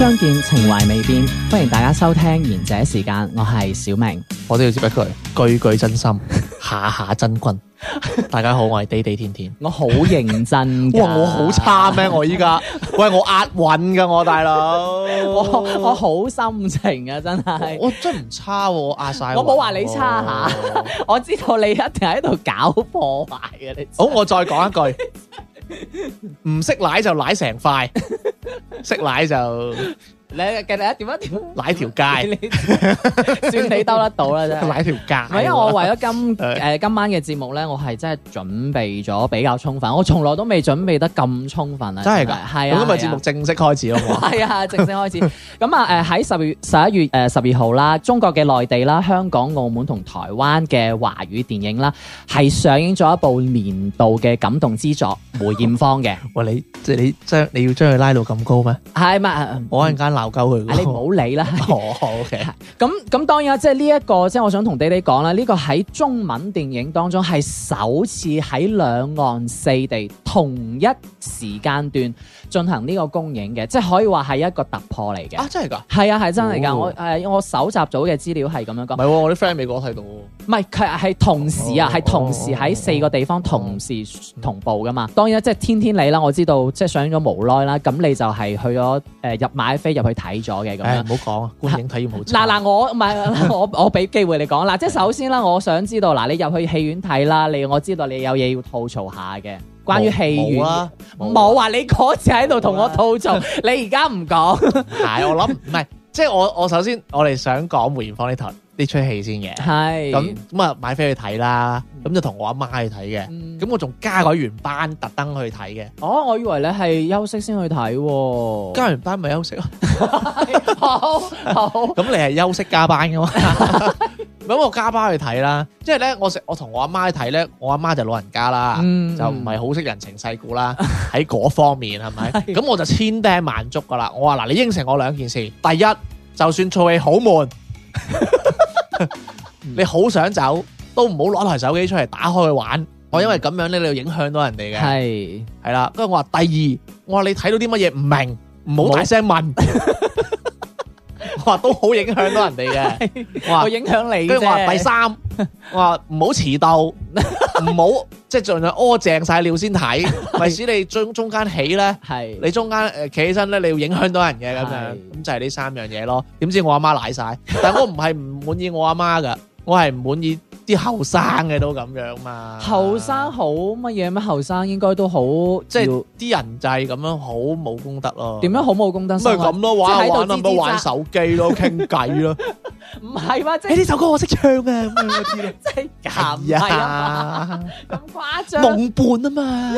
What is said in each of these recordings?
相見情懷未變，歡迎大家收聽賢者時間，我係小明。我都要接一句，句句真心，下下真君。 大家好，我係地地甜甜，我好認真。哇，我好差咩？我依家喂，我壓韻噶，大我大佬，我好心情啊，真係。我真唔差，壓晒。我冇話你差吓， 我知道你一定喺度搞破壞嘅。你好，我再講一句。唔識奶就奶成塊，識 奶就。你計你一點一點，哪條街？你算你兜得到啦啫。哪條街？唔係，因為我為咗今誒今晚嘅節目咧，我係真係準備咗比較充分，我從來都未準備得咁充分啊！真係噶，係啊，今日節目正式開始咯，係啊，正式開始。咁啊，誒喺十月十一月誒十二號啦，中國嘅內地啦、香港、澳門同台灣嘅華語電影啦，係上映咗一部年度嘅感動之作《梅艷芳》嘅。喂，你即係你將你要將佢拉到咁高咩？係咪？我一陣間。不你唔好理啦。咁咁， 嗯、當然啦，即係呢一個，即係我想同弟弟講啦，呢、這個喺中文電影當中係首次喺兩岸四地，同一時間段進行呢個公映嘅，即係可以話係一個突破嚟嘅啊！真係噶，係啊，係真係噶、哦。我誒、啊，我蒐集到嘅資料係咁樣講。唔係，我啲 friend 美國睇到唔係，係同時啊，係、哦、同時喺四個地方、哦哦、同時同步噶嘛。嗯、當然啦，即係天天你啦，我知道即係上咗無耐啦。咁你就係去咗誒、呃、入買飛入去睇咗嘅咁樣，唔好講啊觀影體驗好。嗱嗱、啊，我唔係我 我俾機會你講嗱，即係首先啦，我想知道嗱，你入去戲院睇啦，你我知道你有嘢要吐槽下嘅。關於戲院，冇啊！冇話你嗰次喺度同我吐槽，你而家唔講。係我諗唔係，即係我我首先我哋想講梅艷芳呢台呢出戲先嘅。係咁咁啊買飛去睇啦，咁就同我阿媽去睇嘅。咁我仲加咗完班，特登去睇嘅。哦，我以為你係休息先去睇，加完班咪休息咯。好，好，咁你係休息加班噶嘛？咁我加班去睇啦，即係咧我我我同我阿媽去睇咧，我阿媽就老人家啦，就唔係好識人情世故啦，喺嗰方面係咪？咁我就千叮萬囑噶啦，我話嗱，你應承我兩件事，第一，就算做戲好悶，你好想走，都唔好攞台手機出嚟打開去玩，我因為咁樣咧，你要影響到人哋嘅，係係啦。跟住我話第二，我話你睇到啲乜嘢唔明，唔好大聲問。話都好影響到人哋嘅，我影響你。跟住我話第三， 我話唔好遲到，唔好即係盡量屙正晒尿先睇，咪使你中間呢 你中間、呃、起咧，你中間誒企起身咧，你要影響到人嘅咁樣，咁 就係呢三樣嘢咯。點知我阿媽瀨晒，但係我唔係唔滿意我阿媽噶，我係唔滿意。啲後生嘅都咁樣嘛，後生好乜嘢咩？後生應該都好，即係啲人就係咁樣好冇功德咯。點樣好冇功德？咪咁咯，玩下玩下，咪玩手機咯，傾偈咯。唔係嘛，即係呢首歌我識唱嘅，真係咁啊，咁誇張。夢伴啊嘛，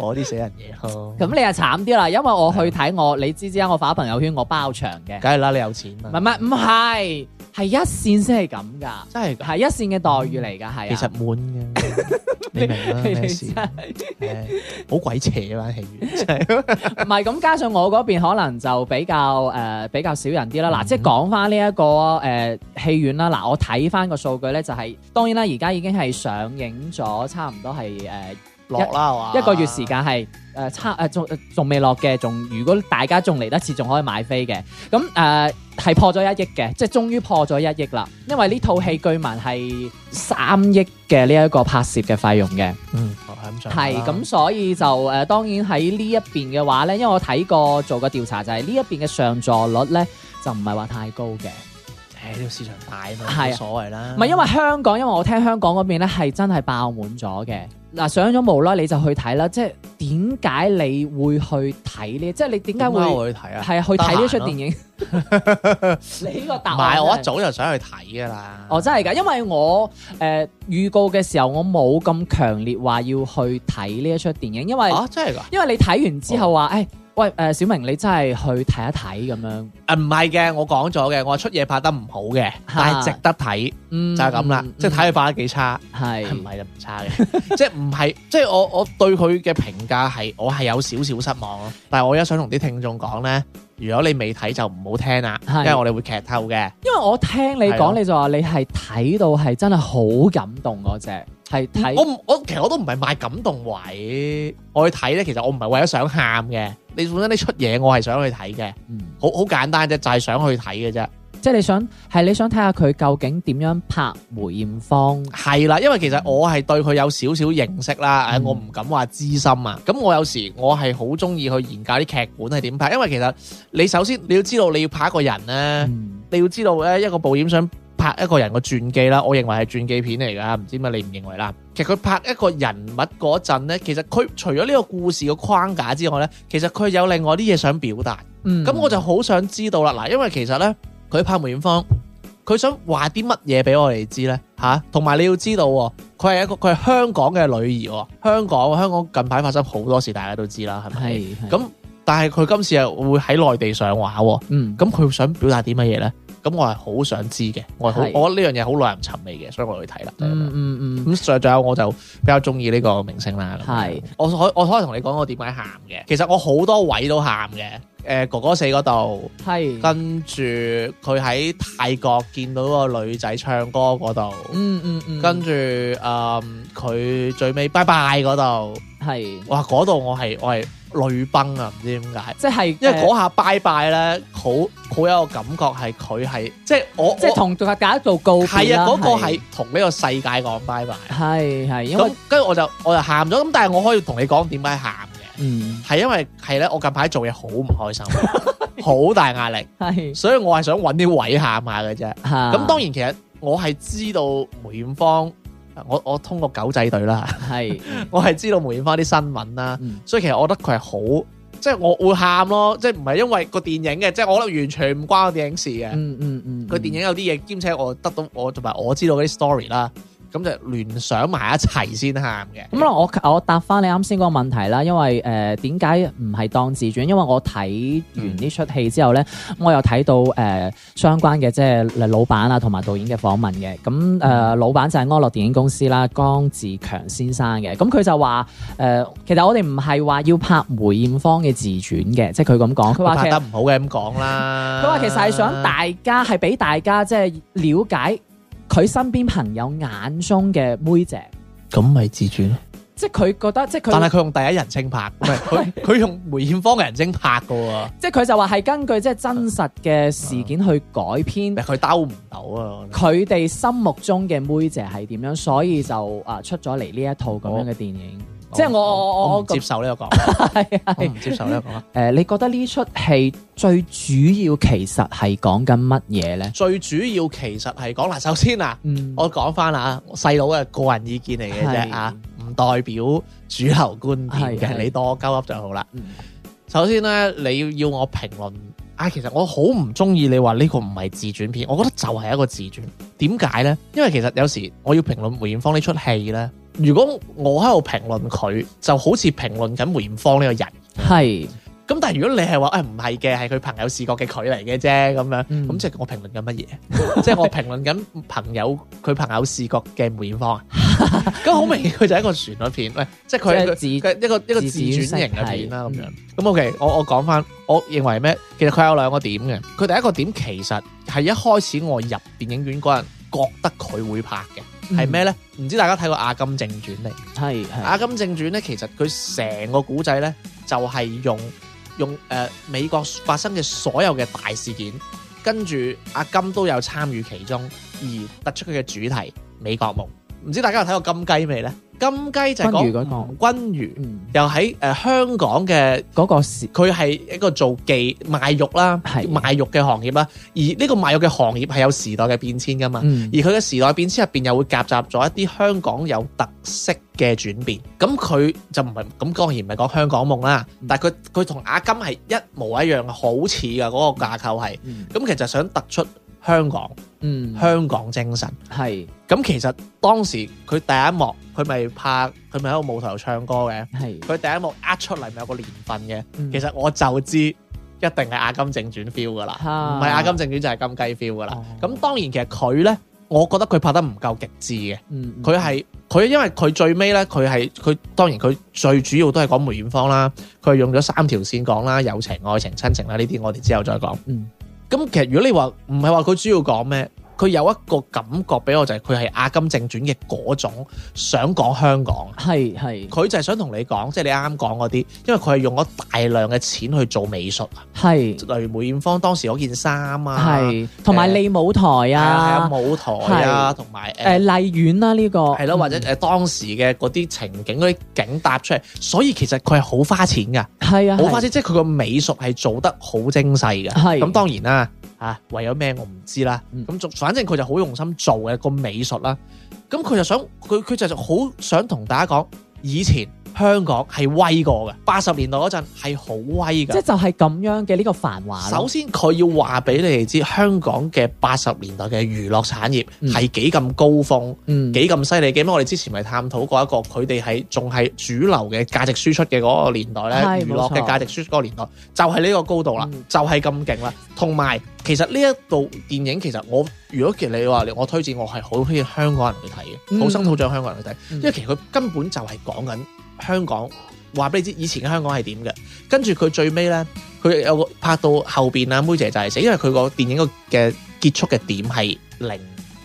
我啲死人嘢咯。咁你啊慘啲啦，因為我去睇我，你知知啊，我發朋友圈我包場嘅，梗係啦，你有錢嘛。唔係唔係唔係。係一線先係咁噶，真係係一線嘅待遇嚟噶，係、嗯、啊，其實滿嘅， 你明啦，真係、 欸，好鬼邪啦、啊、戲院，唔係咁，加上我嗰邊可能就比較誒、呃、比較少人啲啦。嗱、嗯啊，即係講翻呢一個誒、呃、戲院啦。嗱、啊，我睇翻個數據咧，就係、是、當然啦，而家已經係上映咗差唔多係誒。呃落啦，一個月時間係誒差誒，仲仲未落嘅，仲如果大家仲嚟得切，仲可以買飛嘅。咁誒係破咗一億嘅，即係終於破咗一億啦。因為呢套戲據聞係三億嘅呢一個拍攝嘅費用嘅。嗯，係咁、啊、所以就誒、呃，當然喺呢一邊嘅話咧，因為我睇過做個調查，就係、是、呢一邊嘅上座率咧，就唔係話太高嘅。誒、哎、呢、這個市場大嘛，係冇所謂啦。唔係因為香港，因為我聽香港嗰邊咧係真係爆滿咗嘅。嗱上咗冇啦，你就去睇啦！即係點解你會去睇呢？即係你點解會？去睇啊？係去睇呢出電影？你呢個答案？唔係我一早就想去睇噶啦！哦，真係噶，因為我誒、呃、預告嘅時候，我冇咁強烈話要去睇呢一出電影，因為啊，真係噶，因為你睇完之後話，誒、哦。哎喂，誒小明，你真係去睇一睇咁樣？誒唔係嘅，我講咗嘅，我話出嘢拍得唔好嘅，但係值得睇，就係咁啦，即係睇佢拍得幾差，係唔係就唔差嘅？即係唔係？即係我我對佢嘅評價係我係有少少失望咯。但係我而家想同啲聽眾講咧，如果你未睇就唔好聽啦，是因為我哋會劇透嘅。因為我聽你講的，你就話你係睇到係真係好感動嗰隻。係睇我唔我，其實我都唔係買感動位，我去睇咧。其實我唔係為咗想喊嘅。你本身呢出嘢，我係想去睇嘅，好好、嗯、簡單啫，就係、是、想去睇嘅啫。即係你想係你想睇下佢究竟點樣拍梅艷芳？係啦，因為其實我係對佢有少少認識啦。誒、嗯，我唔敢話資深啊。咁我有時我係好中意去研究啲劇本係點拍，因為其實你首先你要知道你要拍一個人咧，嗯、你要知道咧一個導演想。拍一個人嘅傳記啦，我認為係傳記片嚟噶，唔知乜你唔認為啦？其實佢拍一個人物嗰陣呢，其實佢除咗呢個故事嘅框架之外呢，其實佢有另外啲嘢想表達。嗯，咁我就好想知道啦，嗱，因為其實呢，佢拍梅艷芳，佢想話啲乜嘢俾我哋知呢？吓、啊，同埋你要知道，佢係一個佢係香港嘅女兒，香港香港近排發生好多事，大家都知啦，係咪？咁是，但係佢今次又會喺內地上畫，嗯，咁佢想表達啲乜嘢呢？咁我係好想知嘅，我好，是我呢樣嘢好耐人尋味嘅，所以我去睇啦、嗯。嗯嗯嗯。咁再，仲有我就比較中意呢個明星啦。係是，我可我可以同你講我點解喊嘅，其實我好多位都喊嘅。誒、呃，哥哥死嗰度，係是。跟住佢喺泰國見到個女仔唱歌嗰度、嗯，嗯嗯嗯。跟住誒，佢、呃、最尾拜拜嗰度，係是。哇，嗰度我係我係。淚崩啊！唔知點解，即係是因為嗰下拜拜咧，好好有個感覺係佢係，即係我即係同做阿賈做告別啦。係啊，嗰個係同呢個世界講拜拜。係係，因為跟住我就我就喊咗，咁但係我可以同你講點解喊嘅，嗯，係因為係咧，我近排做嘢好唔開心，好 大壓力，係 的，所以我係想揾啲位喊下嘅啫。咁的當然其實我係知道梅艷芳。我我通過狗仔隊啦，係是 我係知道梅艷芳啲新聞啦，嗯、所以其實我覺得佢係好，即、就、係、是、我會喊咯，即係唔係因為個電影嘅，即、就、係、是、我覺得完全唔關我電影事嘅，嗯，嗯嗯嗯，個電影有啲嘢，兼且我得到我同埋我知道啲 story 啦。咁就聯想埋一齊先喊嘅。咁啊、 嗯嗯，我我答翻你啱先嗰個問題啦。因為誒點解唔係當自傳？因為我睇完呢出戲之後咧，我又睇到誒、呃、相關嘅即係老闆啊同埋導演嘅訪問嘅。咁、嗯、誒、嗯、老闆就係安樂電影公司啦，江志強先生嘅。咁佢就話誒，其實我哋唔係話要拍梅艷芳嘅自傳嘅，即係佢咁講。佢話拍得唔好嘅咁講啦。佢話 其實係想大家係俾、就是、大家即係了解。佢身邊朋友眼中嘅妹姐，咁咪自傳咯。即係佢覺得，即係佢，但係佢用第一人稱拍，唔係佢，佢 用梅艷芳嘅人稱拍嘅喎。 即係佢就話係根據即係真實嘅事件去改編，佢兜唔到啊！啊、啊啊、佢哋心目中嘅妹姐係點樣，所以就啊出咗嚟呢一套咁樣嘅電影。我即係我我我，我接受呢個講， 是是我唔接受呢個講。誒、呃，你覺得呢出戲最主要其實係講緊乜嘢咧？最主要其實係講嗱，首先啊、嗯，我講翻啦，細佬嘅個人意見嚟嘅啫啊，唔的代表主流觀點嘅，的你多鳩噏就好啦。的首先咧，你要我評論啊，其實我好唔中意你話呢個唔係自傳片，我覺得就係一個自傳。點解咧？因為其實有時我要評論梅艷芳呢出戲咧。如果我喺度評論佢，就好似評論緊梅艷芳呢個人。係是。咁但係如果你係話誒唔係嘅，係、哎、佢朋友視覺嘅佢嚟嘅啫咁樣，咁即係我評論緊乜嘢？即係我評論緊朋友佢朋友視覺嘅梅艷芳啊。咁好 明顯佢就係一個旋律片，喂，即係佢一個,自一,個一個自轉型嘅片啦咁樣。咁、嗯、OK，我我講返，我認為咩？其實佢有兩個點嘅。佢第一個點其實係一開始我入電影院嗰陣。覺得佢會拍嘅係咩呢？唔知大家睇過《阿金正傳》未？係《亞金正傳》呢，其實佢成個古仔呢，就係、是、用用誒、呃、美國發生嘅所有嘅大事件，跟住阿金都有參與其中，而突出佢嘅主題《美國夢》。唔知大家有睇過金雞未呢？金雞就係講君如、君如，魚嗯、又喺誒、呃、香港嘅嗰個時，佢係一個做妓賣肉啦，的賣肉嘅行業啦。而呢個賣肉嘅行業係有時代嘅變遷㗎嘛。嗯、而佢嘅時代變遷入邊又會夾雜咗一啲香港有特色嘅轉變。咁佢、嗯、就唔係咁，當然唔係講香港夢啦。嗯、但係佢佢同阿金係一模一樣，好似㗎嗰個架構係。咁其實想突出。香港，嗯，香港精神係。咁是其實當時佢第一幕佢咪拍，佢咪喺個舞台度唱歌嘅。係佢是第一幕呃出嚟咪有個年份嘅。嗯、其實我就知一定係阿金正傳 feel 噶啦，唔係阿金正傳就係金雞 feel 噶啦。咁、啊、當然其實佢咧，我覺得佢拍得唔夠極致嘅。佢係佢因為佢最尾咧，佢係佢當然佢最主要都係講梅艷芳啦。佢係用咗三條線講啦，友情、愛情、親情啦，呢啲我哋之後再講。嗯。咁其實如果你話唔係話，佢主要講咩？佢有一個感覺俾我，就係佢係阿金正傳嘅嗰種想講香港，係係佢就係想同你講，即係你啱啱講嗰啲，因為佢係用咗大量嘅錢去做美術，係，例如梅艷芳當時嗰件衫啊，係同埋利舞台啊，欸，係啊，舞台啊，同埋誒麗苑啦，呢個係咯，或者誒當時嘅嗰啲情景嗰啲景搭出嚟，嗯，所以其實佢係好花錢㗎，係啊，好花錢，即係佢個美術係做得好精細嘅，係咁當然啦。啊，為咗咩我唔知啦，嗯、反正佢就好用心做嘅個美術啦，咁佢就想，佢就好想同大家講以前。香港係威過嘅，八十年代嗰陣係好威嘅，即就係咁樣嘅呢個繁華。首先佢要話俾你哋知，香港嘅八十年代嘅娛樂產業係幾咁高峰，幾咁犀利嘅。因為我哋之前咪探討過一個，佢哋係仲係主流嘅價值輸出嘅嗰個年代咧，是娛樂嘅價值輸出嗰個年代錯就係呢個高度啦，嗯、就係咁勁啦。同埋其實呢一部電影，其實我如果其實你話我推薦，我係好鍾意香港人去睇嘅，土生土長香港人去睇，因為其實佢根本就係講緊。香港話俾你知，以前嘅香港係點嘅？跟住佢最尾呢，佢有個拍到後邊啊，梅姐就係死，因為佢個電影嘅嘅結束嘅點係零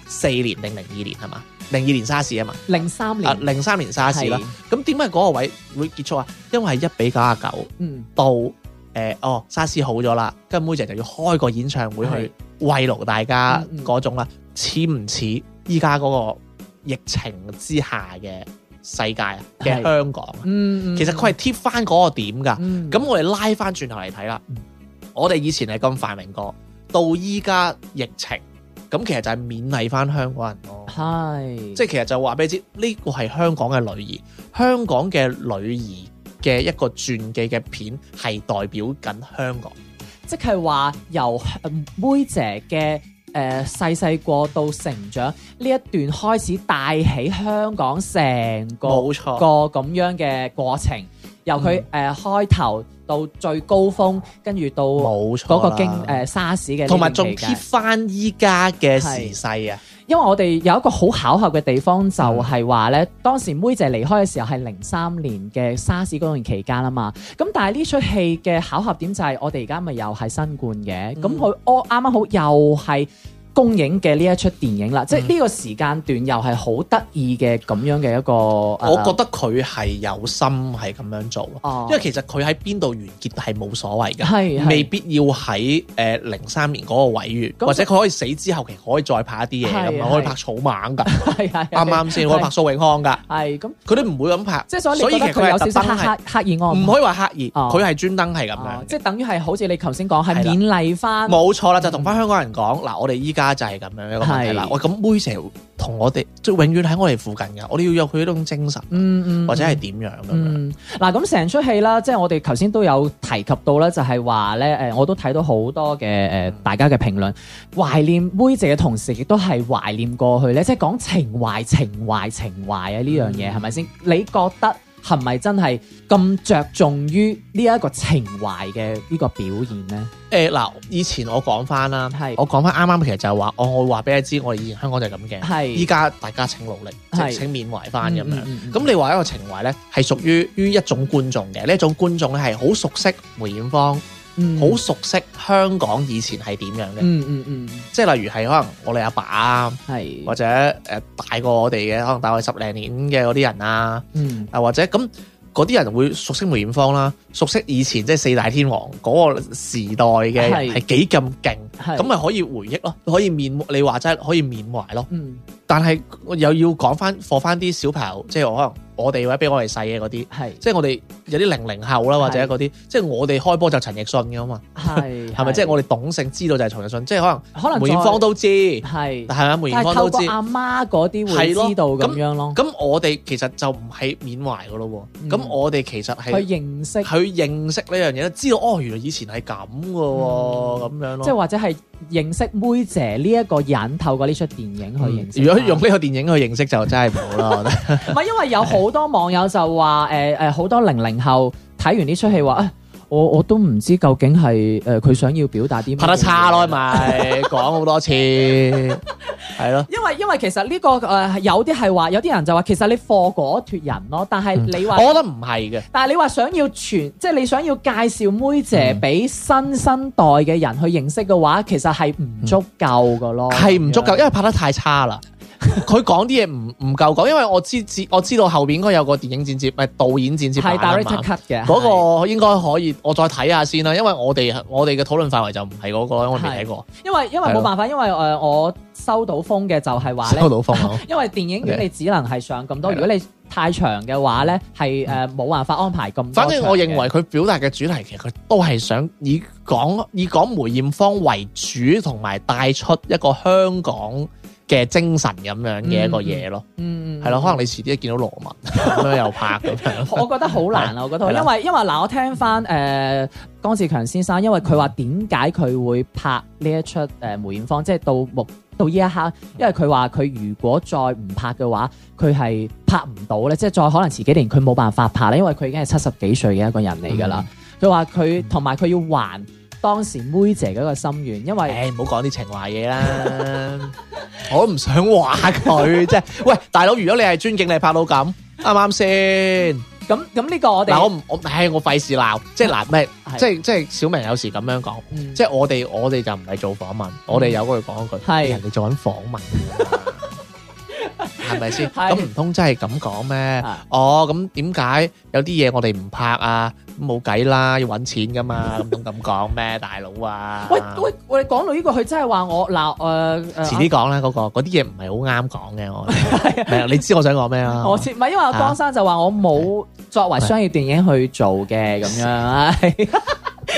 四年零零二年係嘛？零二年沙士啊嘛？零三年零三、呃、年沙士啦。咁點解嗰個位會結束啊？因為一比九啊九，嗯，到誒、呃，哦，沙士好咗啦，跟住梅姐就要開個演唱會去慰勞大家嗰、嗯、種啦，似唔似依家嗰個疫情之下嘅？世界嘅香港，啊，嗯嗯、其實佢係貼翻嗰個點噶。咁、嗯、我哋拉翻轉頭嚟睇啦，嗯、我哋以前係咁繁榮過，到依家疫情，咁其實就係勉勵翻香港人咯。係是，即係其實就話俾你知，呢、這個係香港嘅女兒，香港嘅女兒嘅一個傳記嘅片，係代表緊香港，即係話由、呃、妹姐嘅。誒、呃，細細個到成長呢一段開始帶起香港成個冇錯，個咁樣嘅過程，嗯、由佢誒、呃、開頭到最高峰，跟住到嗰個經誒沙士嘅，同埋仲貼翻依家嘅時勢啊！因為我哋有一個好巧合嘅地方，就係話咧，當時妹姐離開嘅時候係零三年嘅沙士公眾期間啦嘛，咁但係呢出戲嘅巧合點就係我哋而家咪又係新冠嘅，咁佢哦啱啱好又係。公映嘅呢一出電影啦，即係呢個時間段又係好得意嘅咁樣嘅一個。我覺得佢係有心係咁樣做，因為其實佢喺邊度完結係冇所謂㗎，未必要喺誒零三年嗰個尾月，或者佢可以死之後，其實可以再拍一啲嘢，咁啊可以拍草蜢㗎，啱啱先，可以拍蘇永康㗎，係咁佢都唔會咁拍，即係所以你覺得佢有少少刻意㗎，唔可以話刻意，佢係專登係咁樣，即係等於係好似你頭先講係勉勵翻，冇錯啦，就同翻香港人講嗱，我哋依家。家就係咁樣一個問題啦是。我咁妹姐同我哋即永遠喺我哋附近噶，我哋要有佢呢種精神，嗯嗯，嗯或者係點樣咁樣。嗱、嗯，咁成出戲啦，即係、就係、我哋頭先都有提及到咧，就係話咧，誒，我都睇到好多嘅誒，大家嘅評論，懷、嗯、念妹姐嘅同時，亦都係懷念過去咧，即係講情懷、情懷、情懷啊呢樣嘢係咪先？你覺得？係咪真係咁着重於呢一個情懷嘅呢個表現呢？誒嗱，以前我講翻啦，係是我講翻啱啱其實就係話，我我話俾你知，我哋以前香港就係咁嘅，係依家大家請努力，係是請緬懷翻咁樣。咁、嗯嗯嗯、你話一個情懷呢，係屬於於一種觀眾嘅呢一種觀眾係好熟悉梅艷芳。好、嗯、熟悉香港以前係點樣嘅、嗯，嗯嗯嗯，即係例如係可能我哋阿爸啊，係是，或者誒、呃、大過我哋嘅，可能大過十零年嘅啲人啊，嗯，啊或者咁啲人會熟悉梅艷芳啦，熟悉以前即係四大天王、嗰個時代嘅係幾咁勁。是咁咪可以回憶咯，可以面，你話齋可以緬懷咯。但係又要講翻放翻啲小朋友，即係可能我哋或者比我哋細嘅嗰啲，係。即係我哋有啲零零後啦，或者嗰啲，即係我哋開波就陳奕迅嘅嘛。係。係咪即係我哋懂性知道就係陳奕迅，即係可能，可能梅艷芳都知。係。係咪梅艷芳都知，透過阿媽嗰啲會知道咁樣咯。咁我哋其實就唔係緬懷噶咯。咁我哋其實係去認識，去認識呢樣嘢，知道哦，原來以前係咁噶，咁樣咯。即係或者。係認識妹姐呢一個人，透過呢出電影去認識、嗯。如果用呢個電影去認識， 就真係唔好啦。我覺得唔係 因為有好多網友就話，誒、呃、誒，好、呃、多零零後睇完呢出戲話啊。我我都唔知究竟係誒佢想要表達啲咩，拍得差咯，咪講好多次係咯。 了因為因為其實呢、這個誒有啲係話有啲人就話其實你貨果脱人咯，但係你話、嗯、我覺得唔係嘅。但係你話想要傳即係你想要介紹妹姐俾新生代嘅人去認識嘅話，嗯、其實係唔足夠嘅咯，係唔、嗯、足夠，因為拍得太差啦。佢講啲嘢唔唔夠講，因為我知知我知道後邊應該有個電影剪接，唔係導演剪接，係 direct cut 嘅。嗰嘛個應該可以，的我再睇下先啦。因為我哋我哋嘅討論範圍就唔係嗰個，因為我哋未睇過。的因為因為冇辦法，因為誒我收到封嘅就係話收到封 因為電影院 okay, 你只能係上咁多，的如果你太長嘅話呢，係誒冇辦法安排咁多。反正我認為佢表達嘅主題，其實佢都係想以講以講梅艷芳為主，同埋帶出一個香港。嘅精神咁樣嘅一個嘢咯，嗯，係咯，可能你遲啲見到羅文咁 又拍咁樣， 我覺得好難啊！我覺得，因為因為嗱，我聽翻誒、呃、江志強先生，因為佢話點解佢會拍呢一出誒梅艷芳，即係到目到呢一刻，因為佢話佢如果再唔拍嘅話，佢係拍唔到咧，即係再可能遲幾年佢冇辦法拍咧，因為佢已經係七十幾歲嘅一個人嚟㗎啦。佢話佢同埋佢要還，當時妹姐嗰個心願，因為誒唔好講啲情懷嘢啦， 我都唔想話佢，即係 喂大佬，如果你係尊敬你拍到咁啱啱先？咁咁呢個我哋嗱我我誒我費事鬧，即係嗱咩？即係即係小明有時咁樣講， 即係我哋我哋就唔係做訪問， 我哋有由佢講佢，係 人哋做緊訪問。係咪先？咁唔通真係咁講咩？哦，咁點解有啲嘢我哋唔拍啊？咁冇計啦，要搵錢噶嘛？咁樣咁講咩，大佬啊？喂喂喂，我哋講到呢個佢真係話我嗱誒，遲啲講啦，嗰個嗰啲嘢唔係好啱講嘅，我係啊，你知我想講咩啊？我知，唔係因為江生就話我冇作為商業電影去做嘅，咁樣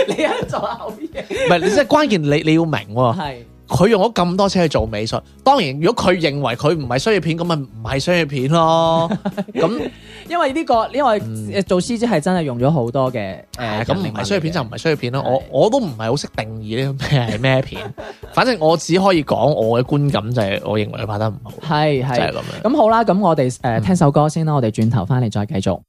你喺度做下好嘢，唔係你即係關鍵，你你要明係。佢用咗咁多錢去做美術，當然如果佢認為佢唔係商業片，咁咪唔係商業片咯。咁 那因為呢、呢個，呢、嗯、因為做獅姐係真係用咗好多嘅。誒、嗯，咁唔係商業片就唔係商業片咯的。我我都唔係好識定義呢啲係咩片， 反正我只可以講我嘅觀感就係我認為佢拍得唔好。係係 的，就係咁樣。咁好啦，咁我哋誒聽首歌先啦，我哋轉頭翻嚟再繼續。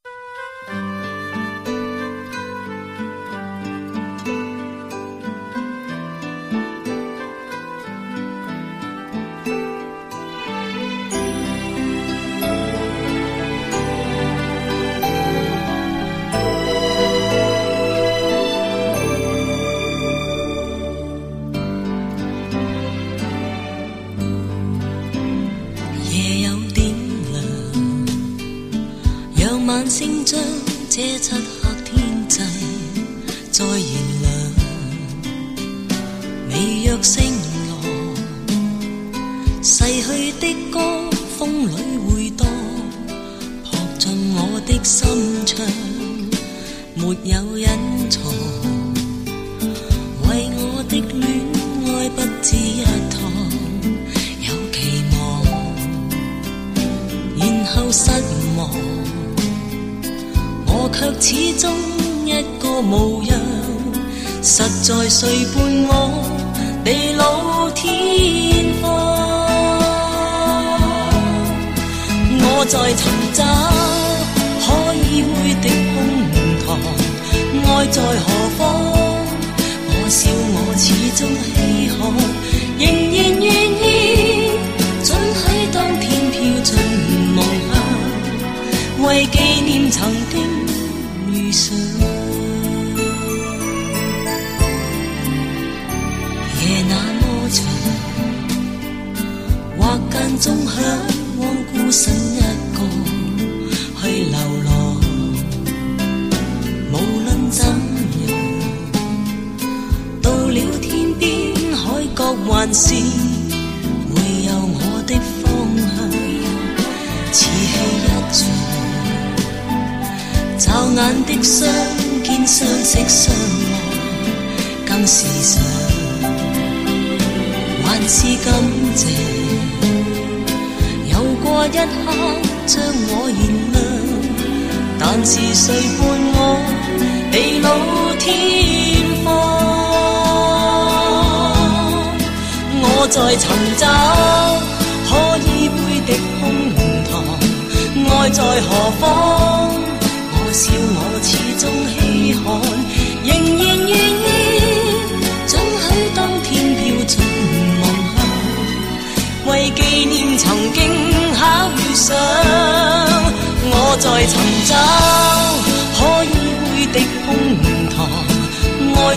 驟眼的相見、相識相望、相愛，更似尋常，還是感謝有過一刻將我燃亮。但是誰伴我地老天荒？我在尋找可依偎的胸膛，愛在何方？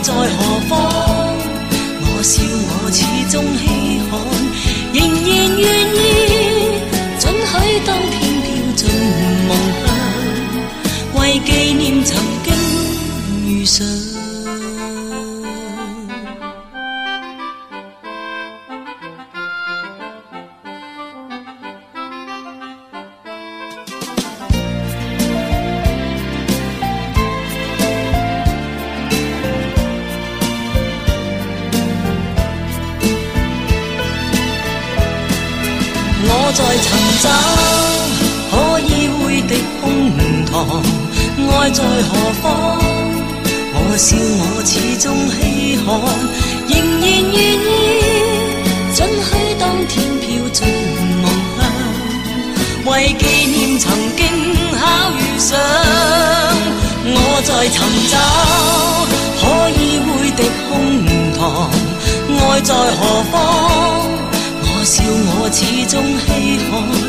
在何方？我笑我始終稀罕，仍然願意准許當天飄進夢鄉，為紀念曾經遇上。在尋找可依偎的胸膛，愛在何方？可笑我始終稀罕。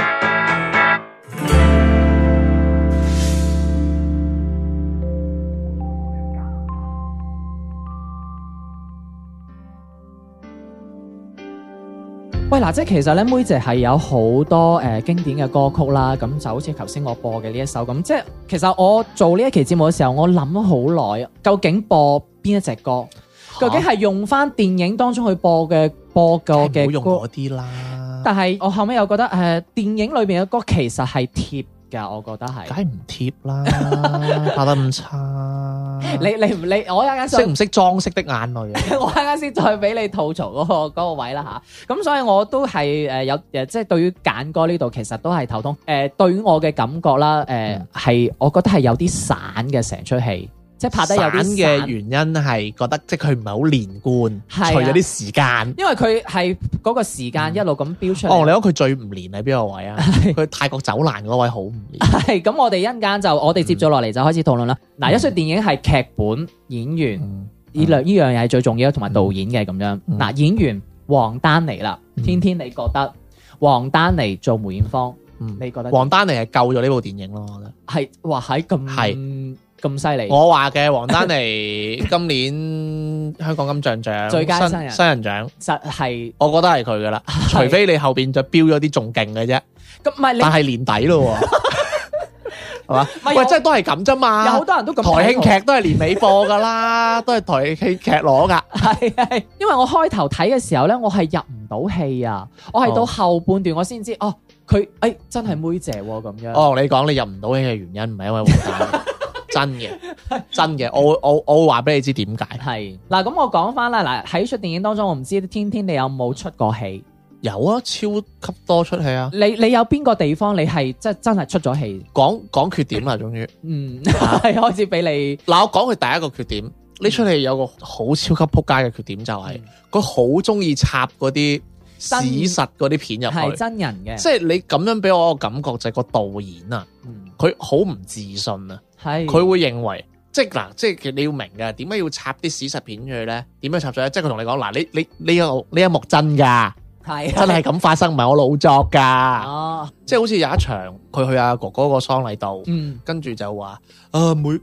喂，嗱，即係其實咧，梅姐係有好多誒經典嘅歌曲啦，咁就好似頭先我播嘅呢一首咁，即係其實我做呢一期節目嘅時候，我諗咗好耐，究竟播邊一隻歌？啊、究竟係用翻電影當中去播嘅播嘅嘅歌，嗯、用嗰啲啦。但係我後尾又覺得，誒、呃，電影裏邊嘅歌其實係貼。我覺得係，梗係唔貼啦，拍 得咁差。你你唔你，我啱啱識唔識裝飾的眼淚？ 我啱啱先再俾你吐槽嗰、嗰個嗰個位啦吓，咁所以我都係誒有誒，即、就、係、是、對於揀歌呢度其實都係頭痛。誒、 呃，對於我嘅感覺啦，誒、呃、係，我覺得係有啲散嘅成出戲。即係拍得有啲散嘅原因係覺得即係佢唔係好連貫，除咗啲時間，因為佢係嗰個時間一路咁飆出嚟。哦，你講佢最唔連係邊個位啊？佢泰國走難嗰位好唔連。係咁，我哋一陣間就我哋接咗落嚟就開始討論啦。嗱，一出電影係劇本、演員、呢兩樣嘢係最重要，同埋導演嘅咁樣。嗱，演員王丹妮啦，天天你覺得王丹妮做梅艷芳，你覺得王丹妮係救咗呢部電影咯？我覺得係哇，喺咁係。咁犀利！我話嘅王丹妮今年香港金像獎最佳新人新人獎，實係我覺得係佢噶啦，除非你後邊就飆咗啲仲勁嘅啫。咁唔係，但係年底咯，係嘛？喂，真係都係咁啫嘛。有好多人都咁講。台慶劇都係年尾播噶啦，都係台慶劇攞噶。係因為我開頭睇嘅時候咧，我係入唔到戲啊，我係到後半段我先知哦，佢誒真係梅姐咁樣。哦，你講你入唔到戲嘅原因，唔係因為王丹妮。真嘅，真嘅，我我我話俾你知點解？係嗱，咁我講翻啦，嗱喺出電影當中，我唔知天天你有冇出過戲？有啊，超級多出戲啊！你你有邊個地方你係即係真係出咗戲？講講缺點啦，終於，嗯，係開始俾你嗱，我講佢第一個缺點，呢出戲有個好超級撲街嘅缺點就係佢好中意插嗰啲史實嗰啲片入去，真人嘅，即係你咁樣俾我個感覺就係個導演啊，佢好唔自信啊！係，佢係會認為，即係嗱，即係你要明噶，點解要插啲史實片佢去咧？點樣插咗咧？即係佢同你講嗱，你你呢一呢一幕真噶，係，係，真係咁發生，唔係我老作噶，係，哦，即係好似有一場，佢去阿哥哥個喪禮度，嗯跟，跟住就話啊，每誒，佢、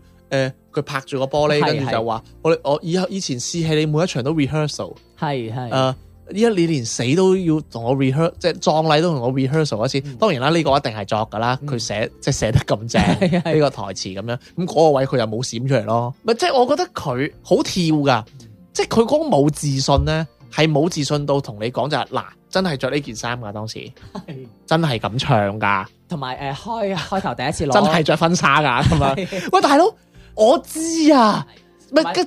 呃、拍住個玻璃，跟住就話係，我我以後以前試戲，你每一場都 rehearsal，係系，誒。呃呢一你連死要、就是、都要同我 rehearse，即係葬禮都同我 rehearsal 一次。嗯、當然啦，呢、呢個一定係作噶啦，佢寫、嗯、即係寫得咁正呢個台詞咁樣。咁嗰 draining も の、嗰個位佢又冇閃出嚟咯。咪即係我覺得佢好跳噶，即係佢講冇自信咧，係冇自信到同你講就係嗱，真係着呢件衫噶、啊、當時，真係咁唱噶，同埋誒開開頭第一次攞 真係着婚紗噶，咁啊喂大佬，我知啊。咩？點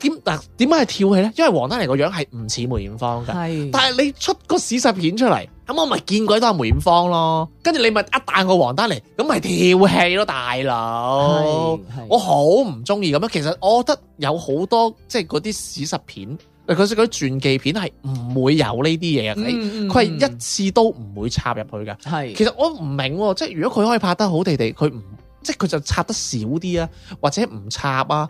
點解係跳戲咧？因為王丹妮個樣係唔似梅艷芳嘅。係是。但係你出個史實片出嚟，咁我咪見過一打梅艷芳咯。跟住你咪一彈個王丹妮，咁咪跳戲咯，大佬。我好唔中意咁樣。其實我覺得有好多即係嗰啲史實片，佢說嗰啲傳記片係唔會有呢啲嘢嘅。嗯，佢係一次都唔會插入去嘅。係是。其實我唔明，即係如果佢可以拍得好地地，佢唔即係佢就插得少啲啊，或者唔插啊。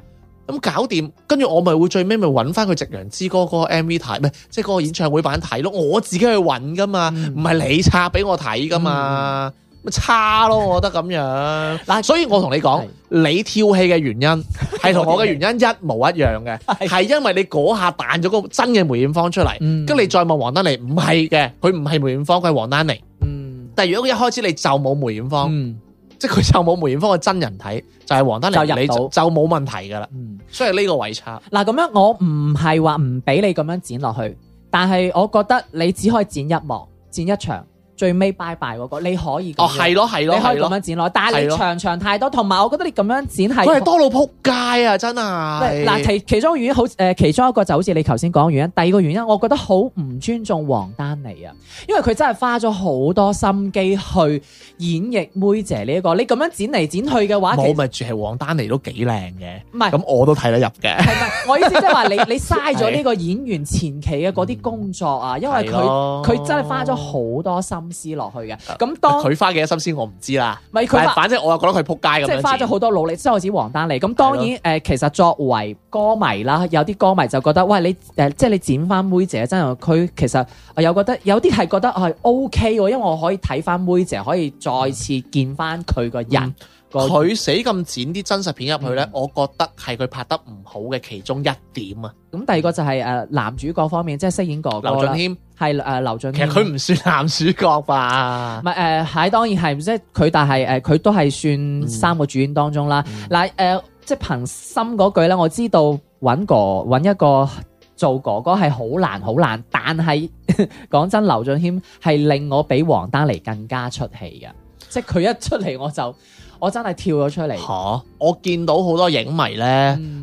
咁搞掂，跟住我咪會最尾咪揾翻佢《夕陽之歌》嗰個 M V 睇，唔係即係嗰個演唱會版睇咯。我自己去揾噶嘛，唔係、嗯、你差俾我睇噶嘛，咪差咯。我覺得咁樣嗱，是所以我同你講，的你跳戲嘅原因係同我嘅原因一模一樣嘅，係 的因為你嗰下彈咗個真嘅梅艷芳出嚟，跟、嗯、你再問王丹妮，唔係嘅，佢唔係梅艷芳，佢係王丹妮。嗯，但係如果佢一開始你就冇梅艷芳。嗯即係佢就冇梅艷芳嘅真人睇，就係、是、王丹妮，就你就冇問題噶啦。嗯，所以呢個位差。嗱，咁樣我唔係話唔俾你咁樣剪落去，但係我覺得你只可以剪一幕，剪一場。最尾拜拜嗰個你可以哦，係咯係咯，你可以咁樣剪落，但係你長長太多，同埋我覺得你咁樣剪係佢係多老撲街啊！真係，嗱其其中原因好誒其中一個就好似你頭先講原因，第二個原因，我覺得好唔尊重王丹妮啊，因為佢真係花咗好多心機去演繹梅姐呢一個你咁樣剪嚟剪去嘅話，冇咪住係王丹妮都幾靚嘅，唔係咁我都睇得入嘅，係咪？我意思即係話你你嘥咗呢個演員前期嘅嗰啲工作啊，因為佢佢真係花咗好多心。落去嘅，咁、嗯嗯、當佢花幾多心思，我唔知啦。咪佢說，反正我又覺得佢撲街咁樣。即係花咗好多努力，即係我指王丹妮。咁、嗯、當然，誒、嗯呃，其實作為歌迷啦，有啲歌迷就覺得，喂，你誒、呃，即係你剪翻妹姐真人，佢其實又覺得有啲係覺得係 O K，因為我可以睇翻妹姐，可以再次見翻佢個人。佢、嗯、死咁剪啲真實片入去咧，嗯、我覺得係佢拍得唔好嘅其中一點啊。咁、嗯嗯、第二個就係誒男主角方面，即係飾演哥哥劉俊謙。係誒劉俊，其實佢唔算男主角吧？唔係誒，係、呃、當然係，即係佢，但係誒，佢、呃、都係算三個主演當中啦。嗱誒、嗯呃，即係憑心嗰句咧，我知道揾個揾一個做哥哥係好難好難，但係講 真，劉俊謙係令我比王丹妮更加出戲嘅，即係佢一出嚟我就我真係跳咗出嚟嚇！我見到好多影迷咧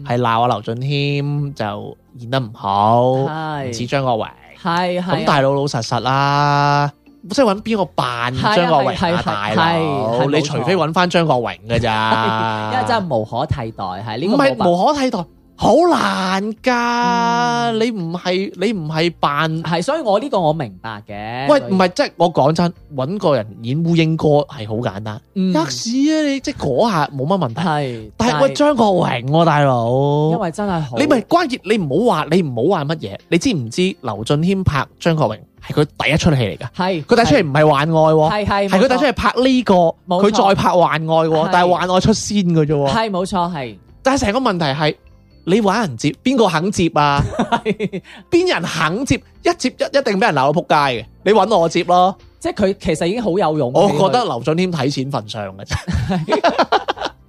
係鬧阿劉俊謙就演得唔好，唔似是張國榮。係咁，但係老老實實啦，即係揾邊個扮張國榮啊大佬？你除非揾翻張國榮㗎咋，因為真係無可替代，係呢個唔係無可替代。好難噶，你唔係你唔係扮係，所以我呢個我明白嘅。喂，唔係即係我講真，搵個人演烏蠅哥係好簡單。嚇死啊！你即係嗰下冇乜問題。係，但係喂張國榮大佬，因為真係好，你咪關鍵，你唔好話你唔好話乜嘢，你知唔知劉俊謙拍張國榮係佢第一出戲嚟噶？係，佢第一出戲唔係幻愛，係，係佢第一出戲拍呢個，佢再拍幻愛，但係幻愛出先嘅啫。係，冇錯係。但係成個問題係。你玩人接，邊個肯接啊？邊 人肯接一接一一定俾人鬧到仆街嘅。你揾我，我接咯，即係佢其實已經好有用，啊。我覺得劉俊添睇錢份上嘅啫，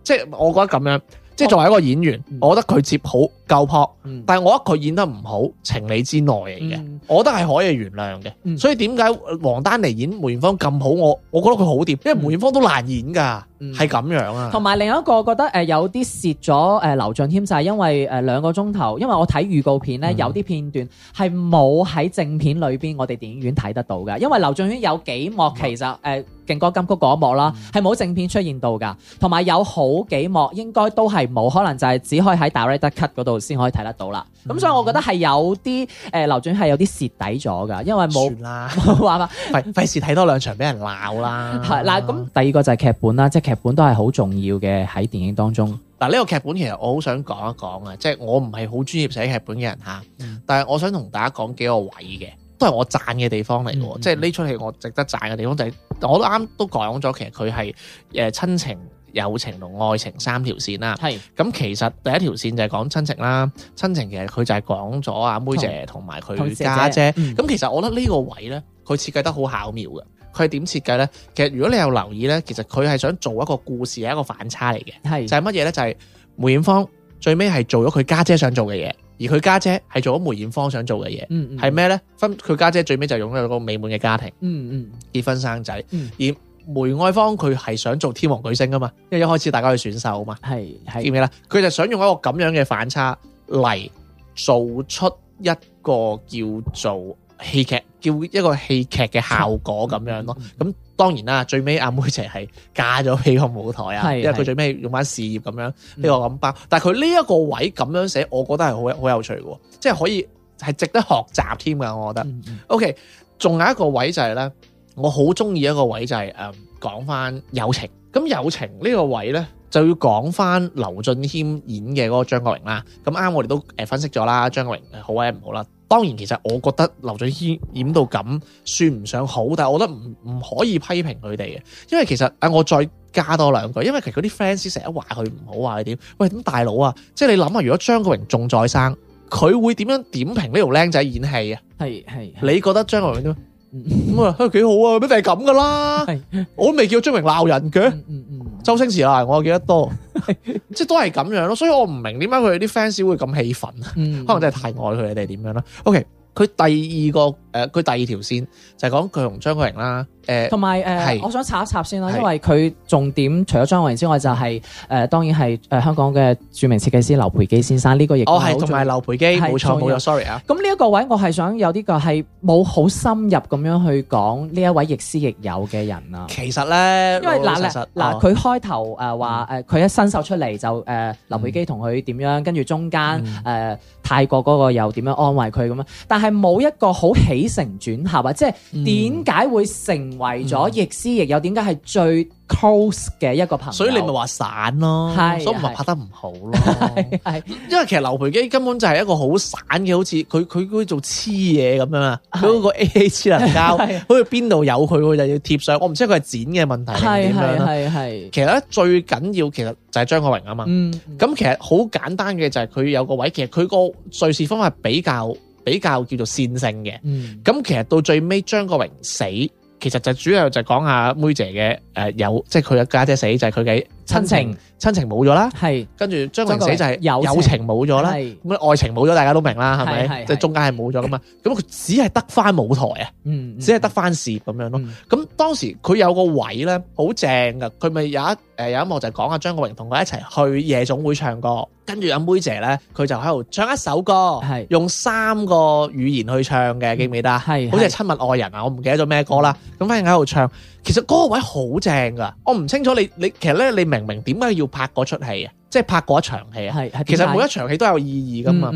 即係我覺得咁樣，即係作為一個演員，嗯、我覺得佢接好夠 p 但係我覺得佢演得唔好，情理之內嚟嘅，嗯、我覺得係可以原諒嘅。所以點解王丹妮演梅艷芳咁好？我我覺得佢好掂，因為梅艷芳都難演㗎。係咁、嗯、樣啊，同埋另一個覺得誒、呃、有啲蝕咗誒劉俊謙就係因為誒兩、呃、個鐘頭，因為我睇預告片咧、嗯、有啲片段係冇喺正片裏邊我哋電影院睇得到嘅，因為劉俊謙有幾幕其實誒、嗯呃、勁歌金曲嗰一幕啦，係冇正片出現到噶，同埋有，有好幾幕應該都係冇，可能就係只可以喺 director's cut 嗰度先可以睇得到啦。咁、嗯、所以我覺得係有啲誒劉俊謙係有啲蝕底咗噶，因為冇啦，冇了無話費事睇多兩場俾人鬧啦。係嗱、 啊，咁第二個就係劇本啦，即劇本都係好重要嘅喺電影當中，嗱呢個劇本其實我好想講一講啊，即係我唔係好專業寫劇本嘅人吓，嗯、但係我想同大家講幾個位嘅，都係我讚嘅地方嚟嘅。即係呢出戲我值得讚嘅地方就係，我剛剛都啱都講咗，其實佢係誒親情、友情同愛情三條線啦。係咁，其實第一條線就係講親情啦，親情其實佢就係講咗阿妹姐同埋佢家姐，咁、嗯、其實我覺得呢個位咧，佢設計得好巧妙嘅。佢點設計呢？其實如果你有留意呢，其實佢係想做一個故事，係一個反差嚟嘅。係的就係乜嘢呢？就係、是、梅艷芳最尾係做咗佢家姐想做嘅嘢，而佢家姐係做咗梅艷芳想做嘅嘢。嗯係、嗯、咩呢？分佢家姐，姐最尾就擁有個美滿嘅家庭。嗯嗯，結婚生仔。嗯、而梅艷芳佢係想做天王巨星啊嘛，因為一開始大家去選秀啊嘛。係係叫咩呢？佢就想用一個咁樣嘅反差嚟做出一個叫做。戲劇，叫一個戲劇嘅效果咁樣咯，咁、嗯、當然啦，最尾阿梅姐係嫁咗畀個舞台啊，是因為佢最尾用翻事業咁樣呢個諗包，但係佢呢一個位咁樣寫，我覺得係好好有趣嘅，即係可以係值得學習添噶，我覺得。嗯、OK，仲有一個位就係、是、咧，我好中意一個位就係誒講翻友情，咁友情呢個位咧就要講翻劉俊謙演嘅嗰個張國榮啦，咁啱我哋都誒分析咗啦，張國榮好或者唔好啦。當然，其實我覺得劉俊謙演到咁算唔上好，但係我覺得唔唔可以批評佢哋嘅，因為其實啊，我再加多兩句，因為其實嗰啲 fans 成日話佢唔好話佢點，喂，咁大佬啊，即係你諗下，如果張國榮仲在生，佢會點樣點評呢條僆仔演戲啊？係係，你覺得張國榮點？咁啊，佢幾、嗯、好啊，乜定係咁噶啦？我都未叫到張明鬧人嘅，周星馳啊，我記得多， 即係都係咁樣咯。所以我唔明點解佢哋啲 fans 會咁氣憤，可能真係太愛佢哋點樣啦。嗯、OK。佢第二個誒，佢、呃、第二條線就係、是、講佢同張國榮啦。誒、呃，同埋誒，呃、是我想插一插先啦，因為佢重點除咗張國榮之外、就是，就係誒，當然係誒、呃、香港嘅著名設計師劉培基先生。呢、這個亦我係同埋劉培基，冇錯冇錯。Sorry 啊，咁呢一個位我係想有啲個係冇好深入咁樣去講呢一位亦師亦友嘅人啊。其實咧，因為嗱嗱佢開頭誒話誒，佢一伸手出嚟就誒，劉培基同佢點樣，跟住中間誒、呃、泰國嗰個又點樣安慰佢咁啊，但係冇一個好起承轉合，嘛，即係點解會成為咗亦師亦友？點解係最 close 嘅一個朋友？所以你咪話散咯，所以唔係拍得唔好咯。因為其實劉培基根本就係一個好散嘅，好似佢佢做黐嘢咁樣啊。佢嗰個 A A 黐能膠，好似邊度有佢，佢就要貼上。我唔知佢係剪嘅問題，係點樣其實咧最緊要，其實就係張國榮啊嘛。咁其實好簡單嘅就係佢有個位，其實佢個敘事方係比較。比較叫做線性嘅，咁、嗯、其實到最尾張國榮死，其實就是主要就是講下妹姐嘅、呃、有，即係佢嘅家姐死就係佢嘅。親情親情冇咗啦，係跟住張國榮死就係友情冇咗啦，咁愛情冇咗，大家都明啦，係咪？即係中間係冇咗噶嘛，咁佢只係得翻舞台啊，只係得翻事咁樣咯。咁當時佢有個位咧，好正噶，佢咪有一誒有一幕就係講阿張國榮同佢一齊去夜總會唱歌，跟住阿梅姐咧，佢就喺度唱一首歌，係用三個語言去唱嘅，記唔記得？係好似係親密愛人啊，我唔記得咗咩歌啦。咁反正喺度唱。其實嗰個位好正噶，我唔清楚你你其實咧，你明明點解要拍嗰出戲啊？即係拍嗰一場戲啊？係其實每一場戲都有意義噶嘛。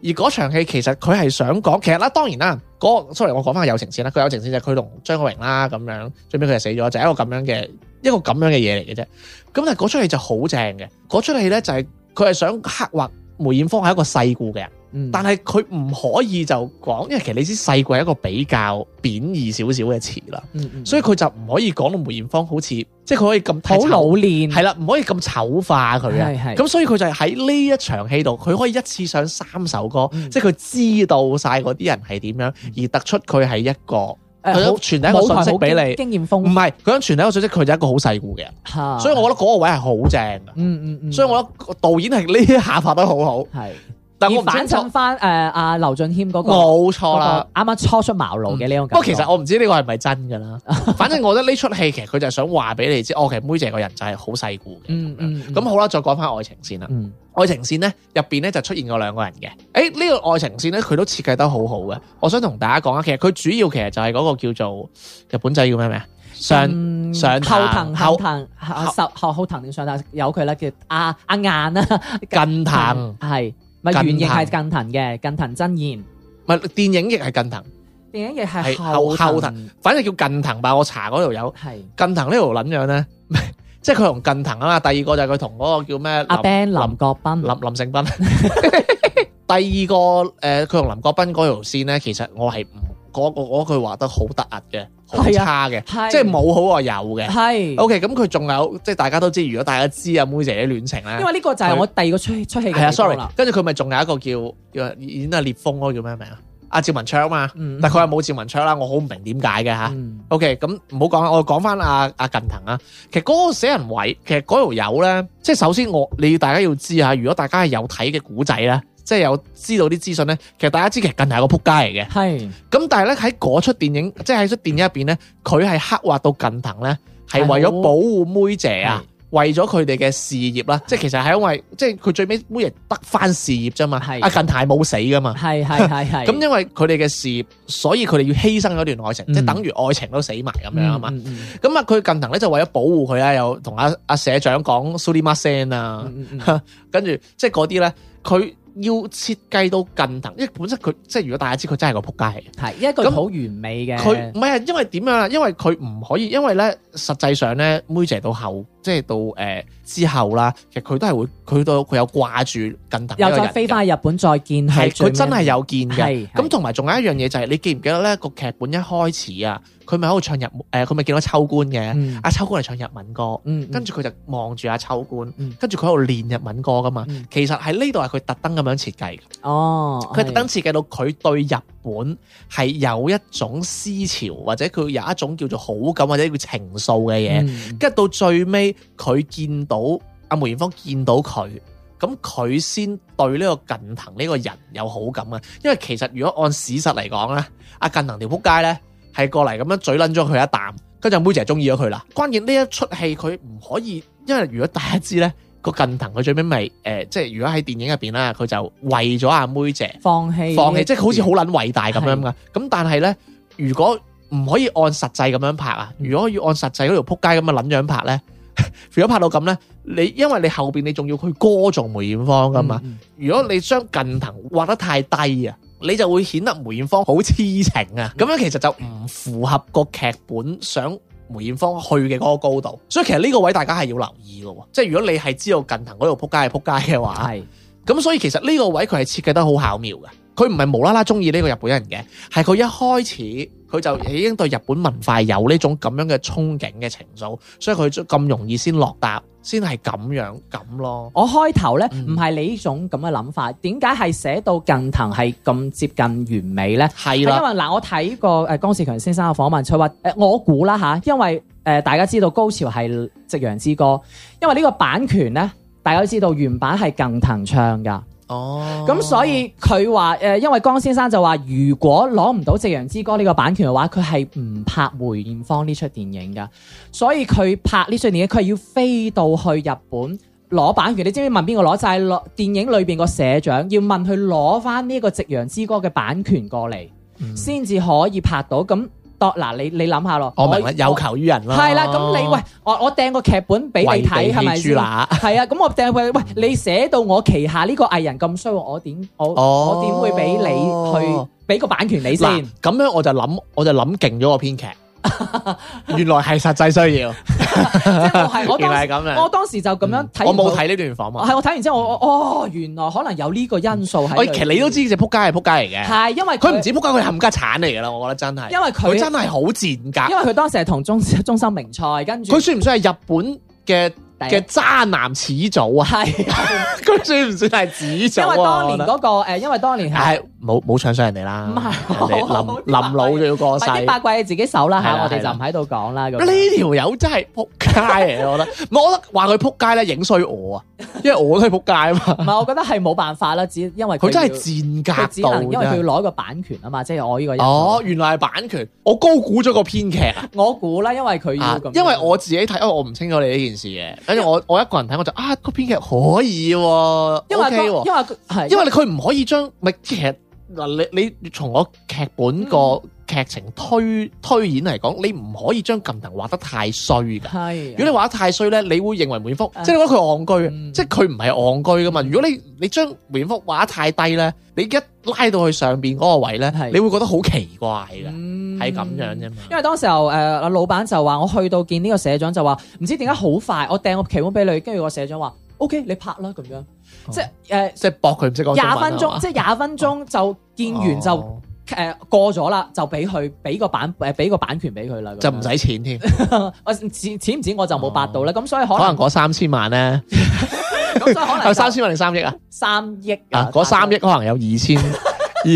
而嗰場戲其實佢係想講，其實啦，當然啦，嗰個 sorry 我講翻係《友情線》啦，佢《友情線》就係佢同張國榮啦咁樣，最尾佢係死咗，就係、是、一個咁樣嘅一個咁樣嘅嘢嚟嘅啫。咁但係嗰出戲就好正嘅，嗰出戲咧就係佢係想刻畫梅艷芳係一個世故嘅人。但係佢唔可以就講，因為其實你知細個係一個比較貶義少少嘅詞啦，所以佢就唔可以講到梅艷芳好似，即係佢可以咁好老練係啦，唔可以咁醜化佢啊。咁所以佢就喺呢一場戲度，佢可以一次上三首歌，即係佢知道晒嗰啲人係點樣，而突出佢係一個，佢想傳遞一個信息俾你，經驗豐富。唔係佢想傳遞一個信息，佢就係一個好世故嘅，所以我覺得嗰個位係好正嘅。嗯嗯嗯，所以我覺得導演係呢一下拍得好好。係。但我反震翻誒阿劉俊謙嗰個冇錯啦，啱啱初出茅廬嘅呢種。不過其實我唔知呢個係咪真嘅啦。反正我覺得呢出戲其實佢就係想話俾你知，哦，其實妹仔個人就係好世故嘅。嗯嗯。咁好啦，再講翻愛情線啦。愛情線咧入邊咧就出現過兩個人嘅。誒呢個愛情線咧佢都設計得好好嘅。我想同大家講啊，其實佢主要其實就係嗰個叫做日本仔叫咩名，上上後藤後藤，十後藤上有佢咧叫阿阿雁啊，近藤。係。咪原型係近藤嘅，近藤真彥。唔係電影亦係近藤，電影亦係後藤後，後藤，反正叫近藤吧。我查嗰條友，是近藤條呢條撚樣咧， 即係佢同近藤啊嘛。第二個就係佢同嗰個叫咩阿 Ben 林國斌，林林成斌。 第二個誒，佢、呃、同林國斌嗰條線咧，其實我係唔。嗰句話得突、啊啊、好突兀嘅，好差嘅，即係冇好過有嘅。係，OK，咁佢仲有，即係大家都知。如果大家知阿妹仔啲戀情咧，因為呢個就係我第二個出他出戲嘅、啊。係啊，sorry 了。跟住佢咪仲有一個叫，叫演阿聶風嗰個叫咩名啊？阿趙文卓啊嘛，嗯、但係佢係冇趙文卓啦，我好唔明點解嘅吓。嗯、OK，咁唔好講，我講翻阿阿近藤啊。其實嗰個死人偉，其實嗰條友咧，即係首先我，你大家要知啊。如果大家係有睇嘅古仔咧。即係有知道啲資訊咧，其實大家知其實近藤係個撲街嚟嘅。係咁，但係咧喺嗰出電影，即係喺出電影入邊咧，佢係刻畫到近藤咧係為咗保護妹姐啊，為咗佢哋嘅事業啦。即係其實係因為即係佢最尾妹姐得翻事業啫嘛。係阿近藤係冇死噶嘛。係係係係。咁因為佢哋嘅事業，所以佢哋要犧牲嗰段愛情，即係等於愛情都死埋咁樣啊嘛。咁啊，佢近藤咧就為咗保護佢啊，又同阿阿社長講 sorry 聲啊，跟住即係嗰啲咧佢。要設計到更突，因為本身佢即係如果大家知佢真係個撲街，係一句好完美嘅。佢唔係因為點樣啊？因為佢唔可以，因為呢實際上呢，妹姐都厚。即係到誒之後啦，其實佢都係會，佢到佢有掛住更特嘅又再飛翻日本再見，係佢真係有見嘅。咁同埋仲有一樣嘢就係你記唔記得咧？個劇本一開始啊，佢咪喺度唱日誒，佢咪見到秋官嘅阿秋官係唱日文歌，跟住佢就望住阿秋官，跟住佢喺度練日文歌噶嘛。其實喺呢度係佢特登咁樣設計嘅。哦，佢特登設計到佢對日本係有一種思潮，或者佢有一種叫做好感或者叫情愫嘅嘢。跟住到最尾。佢見到阿梅艷芳見到佢，咁佢先對呢個近藤呢個人有好感啊！因為其實如果按史實嚟講咧，阿近藤條撲街咧係過嚟咁樣嘴捻咗佢一啖，跟住阿妹姐中意咗佢啦。關鍵呢一出戲佢唔可以，因為如果大家知咧，個近藤佢最尾咪誒，即係如果喺電影入邊啦，佢就為咗阿妹姐放棄放棄，即係好似好捻偉大咁樣噶。咁是但係咧，如果唔可以按實際咁樣拍啊，如果要按實際嗰條撲街咁嘅捻樣拍咧？如果拍到咁呢，你因為你後邊你仲要去歌頌梅艷芳噶嘛？嗯嗯、如果你將近藤畫得太低啊，你就會顯得梅艷芳好痴情啊，咁、嗯、樣其實就唔符合個劇本想梅艷芳去嘅嗰個高度。所以其實呢個位大家係要留意咯，即係如果你係知道近藤嗰度扑街係扑街嘅話，係咁是所以其實呢個位佢係設計得好巧妙嘅，佢唔係無啦啦中意呢個日本人嘅，係佢一開始。佢就已經對日本文化有呢種咁樣嘅憧憬嘅情緒，所以佢咁容易先落搭，先係咁樣咁咯。我開頭咧唔係你呢種咁嘅諗法，點解係寫到近藤係咁接近完美咧？係啦，因為嗱，我睇過誒江志強先生嘅訪問，佢話誒我估啦嚇，因為誒大家知道高潮係《夕陽之歌》，因為呢個版權咧，大家知道原版係近藤唱㗎。哦，咁、oh. 所以佢話誒，因為江先生就話，如果攞唔到《夕陽之歌》呢個版權嘅話，佢係唔拍梅艷芳呢出電影噶，所以佢拍呢齣電影，佢係要飛到去日本攞版權。你知唔知問邊個攞？就係電影裏邊個社長要問佢攞翻呢個《夕陽之歌》嘅版權過嚟，先至、mm. 可以拍到咁。嗱、啊，你你諗下咯，我咪有求於人咯，係啦，咁你喂，我我掟個劇本俾你睇係咪先？係啊，咁我掟佢，喂，嗯、你寫到我旗下呢個藝人咁衰，我點、哦、我我點會俾你去俾個版權你先？咁、啊、樣我就諗，我就諗勁咗個編劇。 原來係實際需要， 原來係咁嘅。我當時就咁樣睇，我冇睇呢段訪問。係我睇完之後，我哦，原來可能有呢個因素喺。哦， 其實你都知隻撲街係撲街嚟嘅。係 因為佢唔止撲街，佢冚家鏟嚟噶啦，我覺得真係。因為佢真係好賤格。因為佢當時係同中中心名賽，跟住佢算唔算係日本嘅嘅渣男始祖啊，係，佢算唔算係始祖啊？因為當年嗰個誒，因為當年係，冇冇唱上人哋啦。唔係林林老仲要過世。八八自己手啦，係我哋就唔喺度講啦。咁呢條友真係撲街啊！我覺得，我覺得話佢撲街咧，影衰我啊，因為我都係撲街啊嘛。唔係，我覺得係冇辦法啦，只因為佢真係賤格，只能因為佢要攞個版權啊嘛，即係我呢個。哦，原來係版權，我高估咗個編劇！我估啦，因為佢要，因為我自己睇，因為我唔清楚你呢件事嘅。反正我，我一個人睇我就啊，個編劇可以喎，O K 喎，因為佢係，因為唔可以將唔係其實你你從我劇本個。嗯劇情推推演嚟講，你唔可以將近藤畫得太衰噶。係，如果你畫得太衰咧，你會認為滿腹，即係你覺得佢戇居，即係佢唔係戇居噶嘛。如果你你將滿腹畫得太低咧，你一拉到去上邊嗰個位咧，你會覺得好奇怪㗎，係咁樣啫嘛。因為當時候誒，老闆就話我去到見呢個社長就話，唔知點解好快，我掟個期盤俾你，跟住個社長話，O K，你拍啦咁樣，即係誒，即係搏佢唔識講廿分鐘，即係廿分鐘就見完就。誒，過咗啦，就俾佢俾個版誒，俾個版權俾佢啦，就唔使錢添。我錢唔錢，我就冇百度啦。咁所以可能可能嗰三千萬咧，咁所以可能有三千萬定三億啊？三億啊？嗰三億可能有二千二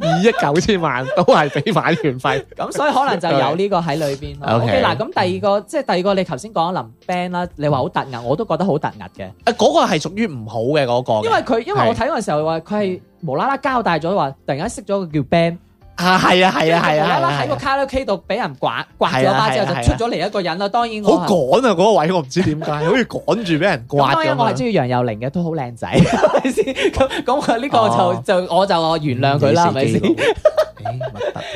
二億九千萬都係俾版權費。咁所以可能就有呢個喺裏邊。O K，嗱，咁第二個即係第二個，你頭先講林 Ben 啦，你話好突兀，我都覺得好突兀嘅。誒，嗰個係屬於唔好嘅嗰個。因為佢，因為我睇嗰陣時候話佢係。無啦啦交代咗話，突然間識咗個叫 Ben 啊，係啊，係啊，係啊，無啦啦喺個卡拉 ok 度俾人刮刮咗巴之後就出咗嚟一個人啦。當然我趕啊嗰個位，我唔知點解，好似趕住俾人刮咁。因為我係中意楊佑玲嘅，都好靚仔，係咪先？咁咁呢個就就我就原諒佢啦，係咪先？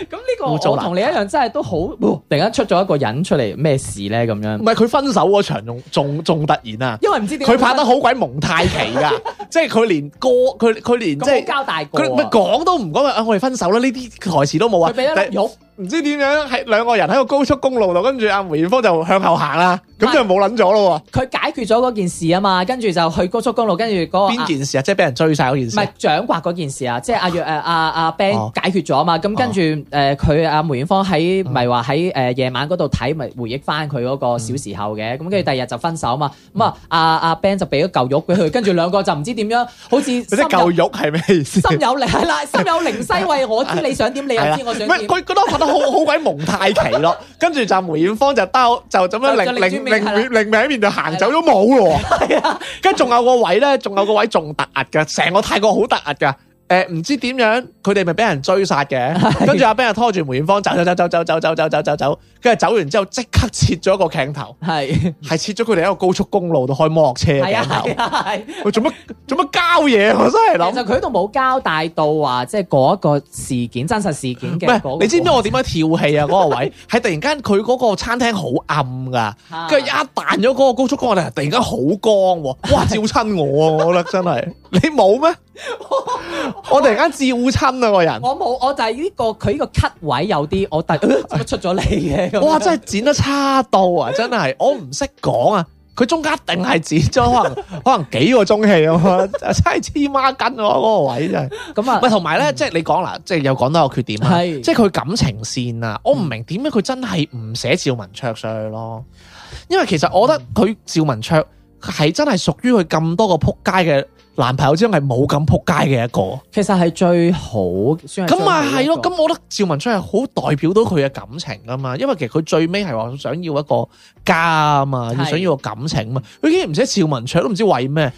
咁呢 個我同你一樣，真係都好，突然間出咗一個人出嚟，咩事咧？咁樣唔係佢分手嗰場仲仲仲突然啊！因為唔知點，佢拍得好鬼蒙太奇㗎， 即係佢連歌，佢佢連即係交大佢，唔講都唔講啊！我哋分手啦，呢啲台詞都冇啊，有。是 唔知點樣，係兩個人喺個高速公路度，跟住阿梅豔芳就向後行啦。咁就冇諗咗咯喎。佢解決咗嗰件事啊嘛，跟住就去高速公路，跟住嗰個邊件事啊？即係俾人追晒嗰件事，唔係掌摑嗰件事啊！即係阿約誒阿阿 Ben 解決咗啊嘛。咁跟住誒佢阿梅豔芳喺唔係話喺誒夜晚嗰度睇，咪回憶翻佢嗰個小時候嘅。咁跟住第二日就分手啊嘛。咁啊阿阿 Ben 就俾咗嚿肉俾佢，跟住兩個就唔知點樣，好似呢嚿肉係咩意思？心有係啦，心有靈犀，我知你想點，你又知我想點。佢覺得。好好鬼蒙太奇咯，跟住就梅豔芳就兜就咁樣擰擰擰擰面喺度行走咗冇咯，係啊，跟住仲有個位咧，仲有個位仲突兀嘅，成個泰國好突兀噶，誒唔知點樣，佢哋咪俾人追殺嘅，跟住阿兵人拖住梅豔芳走走走走走走走走走走。跟住走完之後，即刻切咗一個鏡頭，係係切咗佢哋一個高速公路度開摩托車嘅鏡頭。係啊係佢做乜做乜交嘢？我真係諗。其實佢度冇交代到話即係嗰一個事件真實事件嘅。你知唔知我點樣跳戲啊？嗰個位喺突然間佢嗰個餐廳好暗噶，跟住一彈咗嗰個高速公路咧，突然間好光喎，哇照親我啊！我覺得真係你冇咩？我突然間照親啊！個人，我冇，我就係呢個佢呢個 cut 位有啲，我突然間出咗嚟嘅？哇！真係剪得差到啊！真係，我唔識講啊。佢中間一定係剪咗，可能 可能幾個鐘戲啊嘛，真係黐孖筋啊！嗰、嗰個位真係咁啊。唔同埋咧，即係你講嗱，即係又講到個缺點啊。是即係佢感情線啊，我唔明點解佢真係唔寫趙文卓上去咯。因為其實我覺得佢趙文卓係真係屬於佢咁多個撲街嘅。男朋友之中係冇咁仆街嘅一個，其實係最好。咁咪係咯，咁我覺得趙文卓係好代表到佢嘅感情噶嘛，因為其實佢最尾係話想要一個家啊嘛，要想要個感情啊嘛，佢的竟然唔知趙文卓都唔知為咩。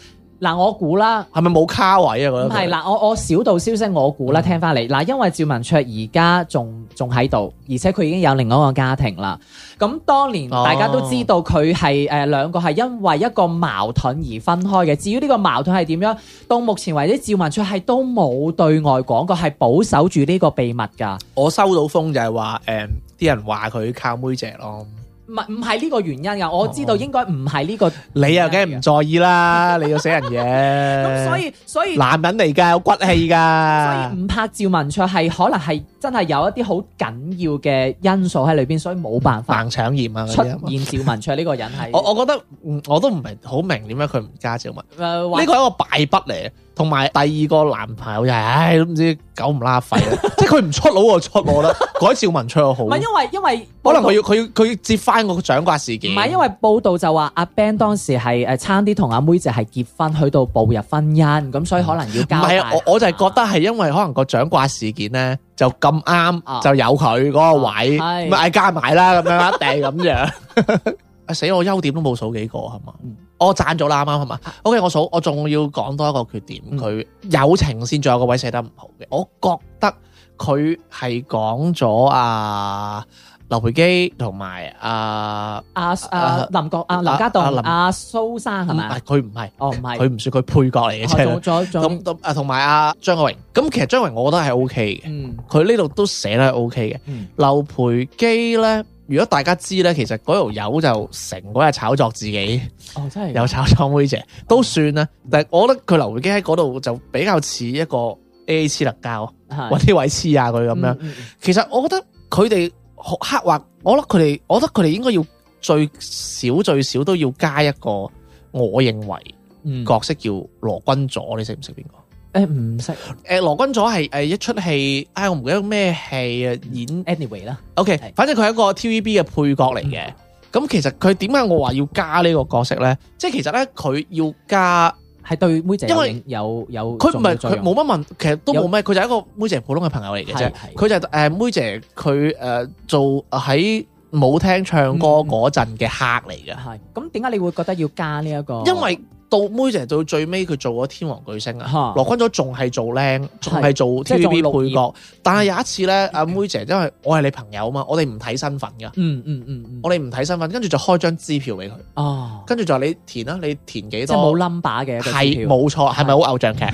嗱，我估啦，係咪冇卡位啊？我覺得唔係，嗱，我我小道消息我估啦，嗯、聽翻嚟，嗱，因為趙文卓而家仲仲喺度，而且佢已經有另外一個家庭啦。咁當年大家都知道佢係誒兩個係因為一個矛盾而分開嘅。至於呢個矛盾係點樣，到目前為止趙文卓係都冇對外講過，係保守住呢個秘密㗎。我收到風就係話，誒、呃，啲人話佢靠妹姐咯。唔唔係呢個原因啊。我知道應該唔係呢個、哦。你又梗係唔在意啦， 你要死人嘢。咁 所以所以男人嚟噶，有骨氣噶。所以唔拍趙文卓係可能係真係有一啲好緊要嘅因素喺裏邊，所以冇辦法。盲腸炎啊，出現趙文卓呢個人係。啊、人 我我覺得，嗯、我都唔係好明點解佢唔加趙文。誒、呃，呢個係一個敗筆嚟。同埋第二個男朋友又係唉都唔知狗唔拉肺，即係佢唔出腦喎出，我覺得改趙文卓又好。唔係因為因為可能佢要佢要佢接翻個掌摑事件。唔係因為報道就話阿 Ben 當時係誒差啲同阿妹仔係結婚，去到步入婚姻，咁所以可能要加。唔係啊，我我就係覺得係因為可能個掌摑事件咧就咁啱就有佢嗰個位，咪加埋啦，咁樣一定咁樣。啊死我！我優點都冇數幾個係嘛？嗯、我贊咗啦，啱啱係嘛？OK，我數，我仲要講多一個缺點。佢友、嗯、情先，仲有個位寫得唔好嘅。我覺得佢係講咗阿劉培基同埋阿阿林國阿、啊、林家棟阿、啊啊、蘇生係咪？佢唔係，嗯、哦唔係，佢唔算佢配角嚟嘅啫。咁咁啊，同埋阿張國榮。咁其實張國榮我覺得係 OK 嘅。佢呢度都寫得係 OK 嘅。嗯，劉培基咧。如果大家知咧，其實嗰條友就成嗰日炒作自己，又、哦、炒作妹姐都算啦。但係我覺得佢劉胡機喺嗰度就比較似一個 A A C 能教揾啲位黐下佢咁樣。嗯嗯、其實我覺得佢哋學刻畫，我覺得佢哋，我覺得佢哋應該要最少最少都要加一個，我認為角色叫羅君佐，你識唔識邊個？誒，唔識，誒羅君佐係誒一出戲，唉我唔記得咩戲啊演 anyway 啦，OK，是反正佢係一個 TVB 嘅配角嚟嘅。咁、嗯、其實佢點解我話要加呢個角色咧？即係其實咧佢要加係對妹姐，因為有有佢唔係佢冇乜問，有其實都冇咩，佢就係一個妹姐普通嘅朋友嚟嘅啫。佢就誒、係呃、妹姐佢誒、呃、做喺舞廳唱歌嗰陣嘅客嚟嘅。係。咁點解你會覺得要加呢、呢、一個？因為到妹姐到最尾，佢做咗天王巨星啊！羅君佐仲係做靚，仲係做 TVB 配角。但係有一次咧，阿妹姐，因為我係你朋友啊嘛，我哋唔睇身份噶。嗯嗯嗯，我哋唔睇身份，跟住就開張支票俾佢。哦，跟住就話你填啦，你填幾多？即係冇 number 嘅支票，冇錯，係咪好偶像劇？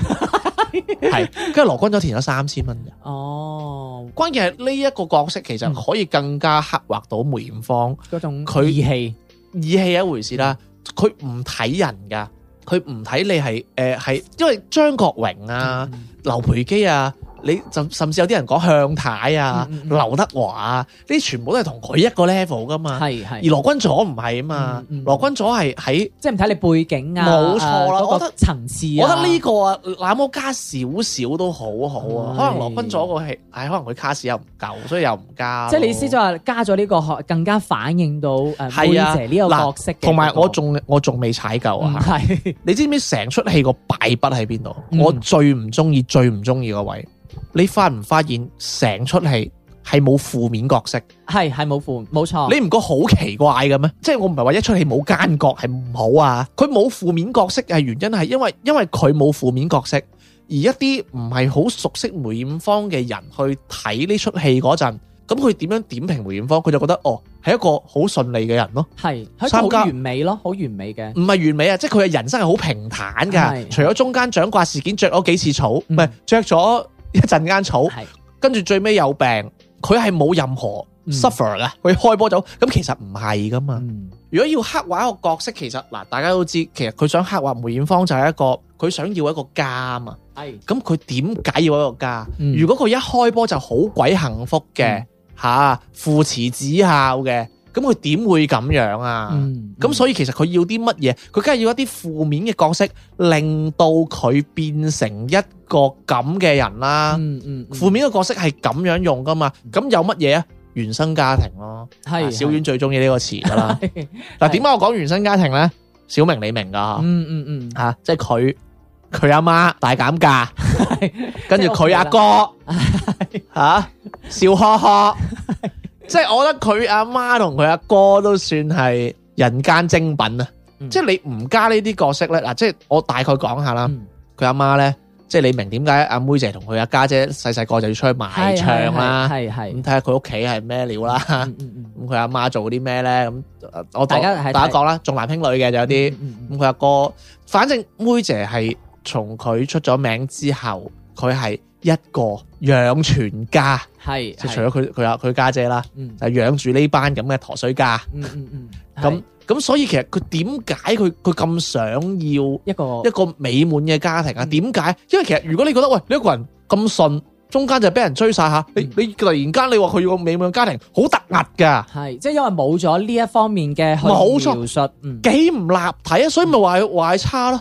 係，跟住羅君佐填咗三千蚊。哦，關鍵係呢一個角色其實可以更加刻畫到梅艷芳嗰種義氣。義氣一回事啦，佢唔睇人噶。佢唔睇你係、呃，係，因為張國榮啊、嗯、劉培基啊。你就甚至有啲人講向太啊、劉德華啊，呢啲全部都係同佢一個 level 噶嘛。係係。而羅君佐唔係啊嘛，羅君佐係喺即係唔睇你背景啊。冇錯啦，我覺得層次。我覺得呢個啊，那麼加少少都好好啊。可能羅君佐個戲，係可能佢卡士又唔夠，所以又唔加。即係你意思就話加咗呢個，更加反映到誒貝姐呢個角色。同埋我仲我仲未踩夠啊！係。你知唔知成出戲個敗筆喺邊度？我最唔中意、最唔中意個位。你發唔發現成出戲係冇負面角色？係係冇負冇錯。你唔覺得好奇怪嘅咩？即係我唔係話一出戲冇奸角係唔好啊！佢冇負面角色嘅係原因係因為，因為佢冇負面角色。而一啲唔係好熟悉梅艷芳嘅人去睇呢出戲嗰陣，咁佢點樣點評梅艷芳？佢就覺得哦，係一個好順利嘅人咯，係佢完美咯，好完美嘅。唔係完美啊！即係佢嘅人生係好平坦噶，除咗中間掌摑事件着咗幾次草，唔係着咗。一陣間草，跟住是最尾有病，佢係冇任何 suffer 嘅，佢、嗯、開波就咁，其實唔係噶嘛。嗯、如果要刻畫一個角色，其實嗱，大家都知，其實佢想刻畫梅艷芳就係一個佢想要一個家啊嘛。咁佢點解要一個家？嗯、如果佢一開波就好鬼幸福嘅，吓父慈子孝嘅。啊咁佢點會咁樣啊？咁、嗯嗯、所以其實佢要啲乜嘢？佢梗係要一啲負面嘅角色，令到佢變成一個咁嘅人啦。嗯嗯，嗯負面嘅角色係咁樣用噶嘛？咁、嗯、有乜嘢啊？原生家庭咯，係小婉最中意呢個詞噶啦。嗱，點解我講原生家庭呢？小明你明噶、嗯？嗯嗯嗯，吓、嗯，即係佢佢阿媽大減價， 跟住佢阿哥吓笑呵呵。即係我覺得佢阿媽同佢阿哥都算係人間精品啊！嗯、即係你唔加呢啲角色咧，嗱，即係我大概講下啦。佢阿媽咧，即係你明點解阿妹姐同佢阿家姐細細個就要出去賣唱啦、啊？係係咁睇下佢屋企係咩料啦。咁佢阿媽做啲咩咧？咁我大家大家講啦，重男輕女嘅就有啲咁。佢阿哥，反正妹姐係從佢出咗名之後，佢係一個養全家。係，即除咗佢佢阿佢家姐啦，係、嗯、養住呢班咁嘅陀水家，咁咁、嗯嗯、 所以其實佢點解佢佢咁想要一個一個美滿嘅家庭啊？點解、嗯？因為其實如果你覺得喂，你一個人咁順。.中間就俾人追晒吓，你你突然間你話佢要個美滿家庭，好突兀噶，係即係因為冇咗呢一方面嘅描述，嗯，幾唔立體啊，所以咪話壞差咯，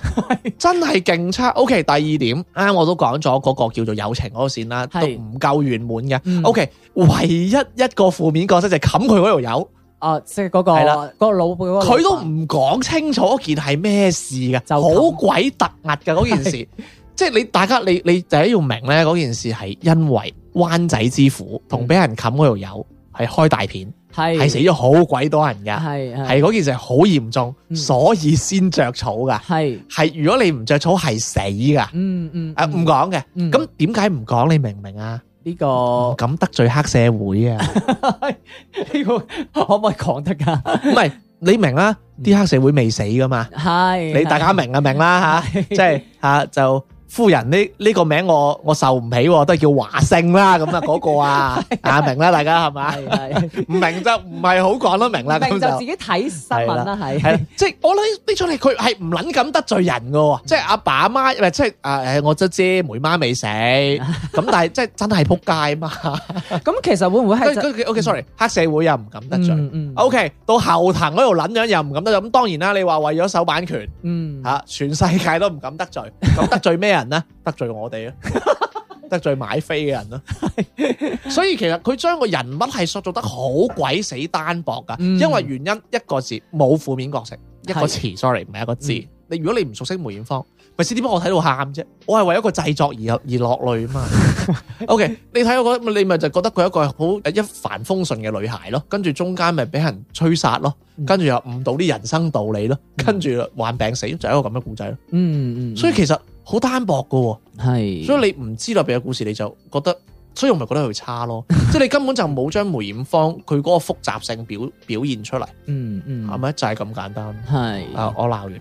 真係勁差。OK，第二點啱我都講咗嗰個叫做友情嗰個線啦，都唔夠圓滿嘅。OK，唯一一個負面角色就係冚佢嗰條友，啊，即係嗰個嗰個老輩，佢都唔講清楚件係咩事噶，好鬼突兀噶嗰件事。即係你，大家你你第一要明咧，嗰件事係因為灣仔之虎同俾人冚嗰度有係開大片，係係死咗好鬼多人噶，係係嗰件事係好嚴重，所以先着草噶，係係如果你唔着草係死噶，嗯嗯，誒唔講嘅，咁點解唔講？你明唔明啊？呢個咁得罪黑社會啊？呢個可唔可以講得噶？唔係你明啦，啲黑社會未死噶嘛，係你大家明啊明啦吓，即係吓就。夫人呢呢個名我我受唔起喎，都係叫華聖啦，咁啊嗰個啊，阿明啦，大家係嘛？唔明就唔係好講得明啦。明就自己睇新聞啦，係係即係我諗呢出戲佢係唔捻咁得罪人嘅，即係阿爸阿媽，唔係即係誒誒我只知梅媽未死，咁但係即係真係扑街啊嘛。咁其實會唔會係？OK，sorry，黑社會又唔敢得罪，OK，到後藤嗰度捻樣又唔敢得罪。咁當然啦，你話為咗守版權，嗯吓，全世界都唔敢得罪，咁得罪咩啊？人咧得罪我哋，得罪買飛嘅人咯。所以其實佢將個人物係塑造得好鬼死單薄噶，因為原因一個字，冇負面角色，一個詞，sorry 唔係一個字。你如果你唔熟悉梅艷芳，咪先點解我睇到喊啫？我係為一個製作而而落淚啊嘛。OK，你睇我覺得，你咪就覺得佢一個好一帆風順嘅女孩咯，跟住中間咪俾人吹殺咯，跟住又誤導啲人生道理咯，跟住患病死，就係一個咁嘅故仔咯。嗯嗯，所以其實。好單薄噶，係是，所以你唔知道裏邊嘅故事，你就覺得，所以我咪覺得佢差咯，即係 你根本就冇將梅艷芳佢嗰個複雜性表表現出嚟、嗯，嗯嗯，係咪就係、是、咁簡單？係是，啊、uh,，我鬧完，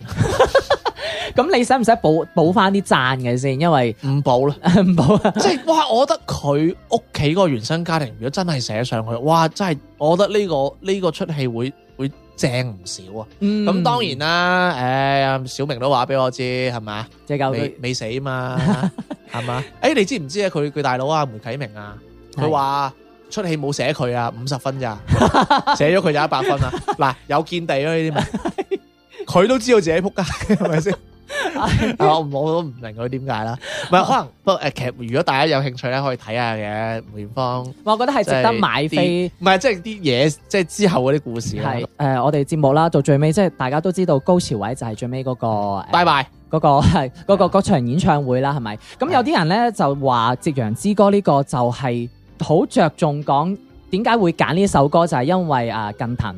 咁你使唔使補補翻啲讚嘅先？因為唔補啦，唔補，即係哇，我覺得佢屋企個原生家庭如果真係寫上去，哇，真係，我覺得呢、這個呢、這個出戲會會。會會正唔少啊，咁、嗯、當然啦，誒、欸、小明都話俾我知係嘛，即係夠未未死嘛係嘛？誒、 欸、你知唔知啊？佢佢大佬啊，胡啟明啊，佢話是出戲冇寫佢啊，五十分咋， 寫咗佢就一百分啊。嗱 有見地啊呢啲，咪？佢 都知道自己撲街係咪先？是 我我都唔明佢點解啦，係 可能 不誒，其實如果大家有興趣咧，可以睇下嘅梅艷芳，我覺得係值得買飛，唔係即係啲嘢，即係之後嗰啲故事係誒，我哋節目啦到最尾，即係大家都知道高潮位就係最尾嗰，那個拜拜嗰，呃那個係嗰個嗰場演唱會啦，係咪？咁有啲人咧就話《夕陽之歌》呢個就係好着重講點解會揀呢首歌，就係、是、因為啊，啊近藤。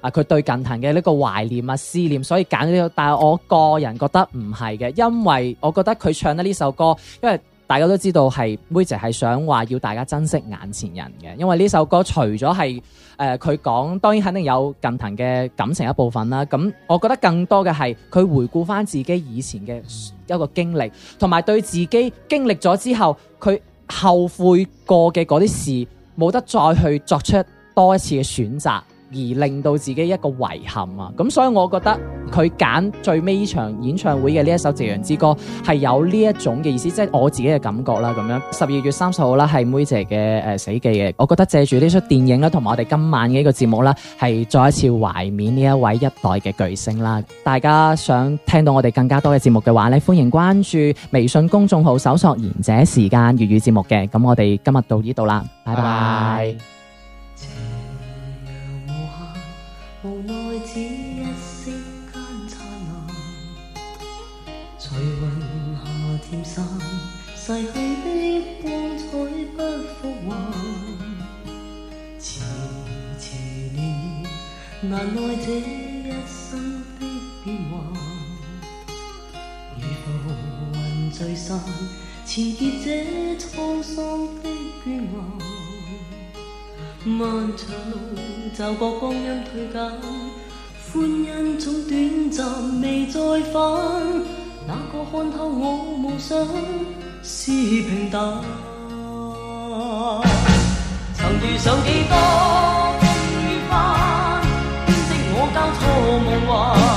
啊！佢對近藤嘅呢個懷念啊、思念，所以揀咗呢個。但係我個人覺得唔係嘅，因為我覺得佢唱得呢首歌，因為大家都知道係梅姐係想話要大家珍惜眼前人嘅。因為呢首歌除咗係誒佢講，當然肯定有近藤嘅感情一部分啦。咁我覺得更多嘅係佢回顧返自己以前嘅一個經歷，同埋對自己經歷咗之後，佢後悔過嘅嗰啲事，冇得再去作出多一次嘅選擇。而令到自己一個遺憾啊！咁所以我覺得佢揀最尾呢場演唱會嘅呢一首《夕陽之歌》係有呢一種嘅意思，即係我自己嘅感覺啦。咁樣十二月三十號啦，係梅姐嘅誒、呃、死忌嘅。我覺得借住呢出電影啦，同埋我哋今晚嘅一個節目啦，係再一次懷念呢一位一代嘅巨星啦。大家想聽到我哋更加多嘅節目嘅話咧，歡迎關注微信公眾號搜索《賢者時間粵語節目》嘅。咁我哋今日到呢度啦，拜拜。拜拜。無奈只一息間燦爛，彩雲下漸散，逝去的光彩不復還。遲遲年月，難耐這一生的變幻，如浮雲聚散，纏結這滄桑的倦顏。漫長路，驟覺光陰退減，歡欣總短暫，未再返。哪個看透我夢想是平淡？ 曾遇上幾多風雨翻，編織我交錯夢幻。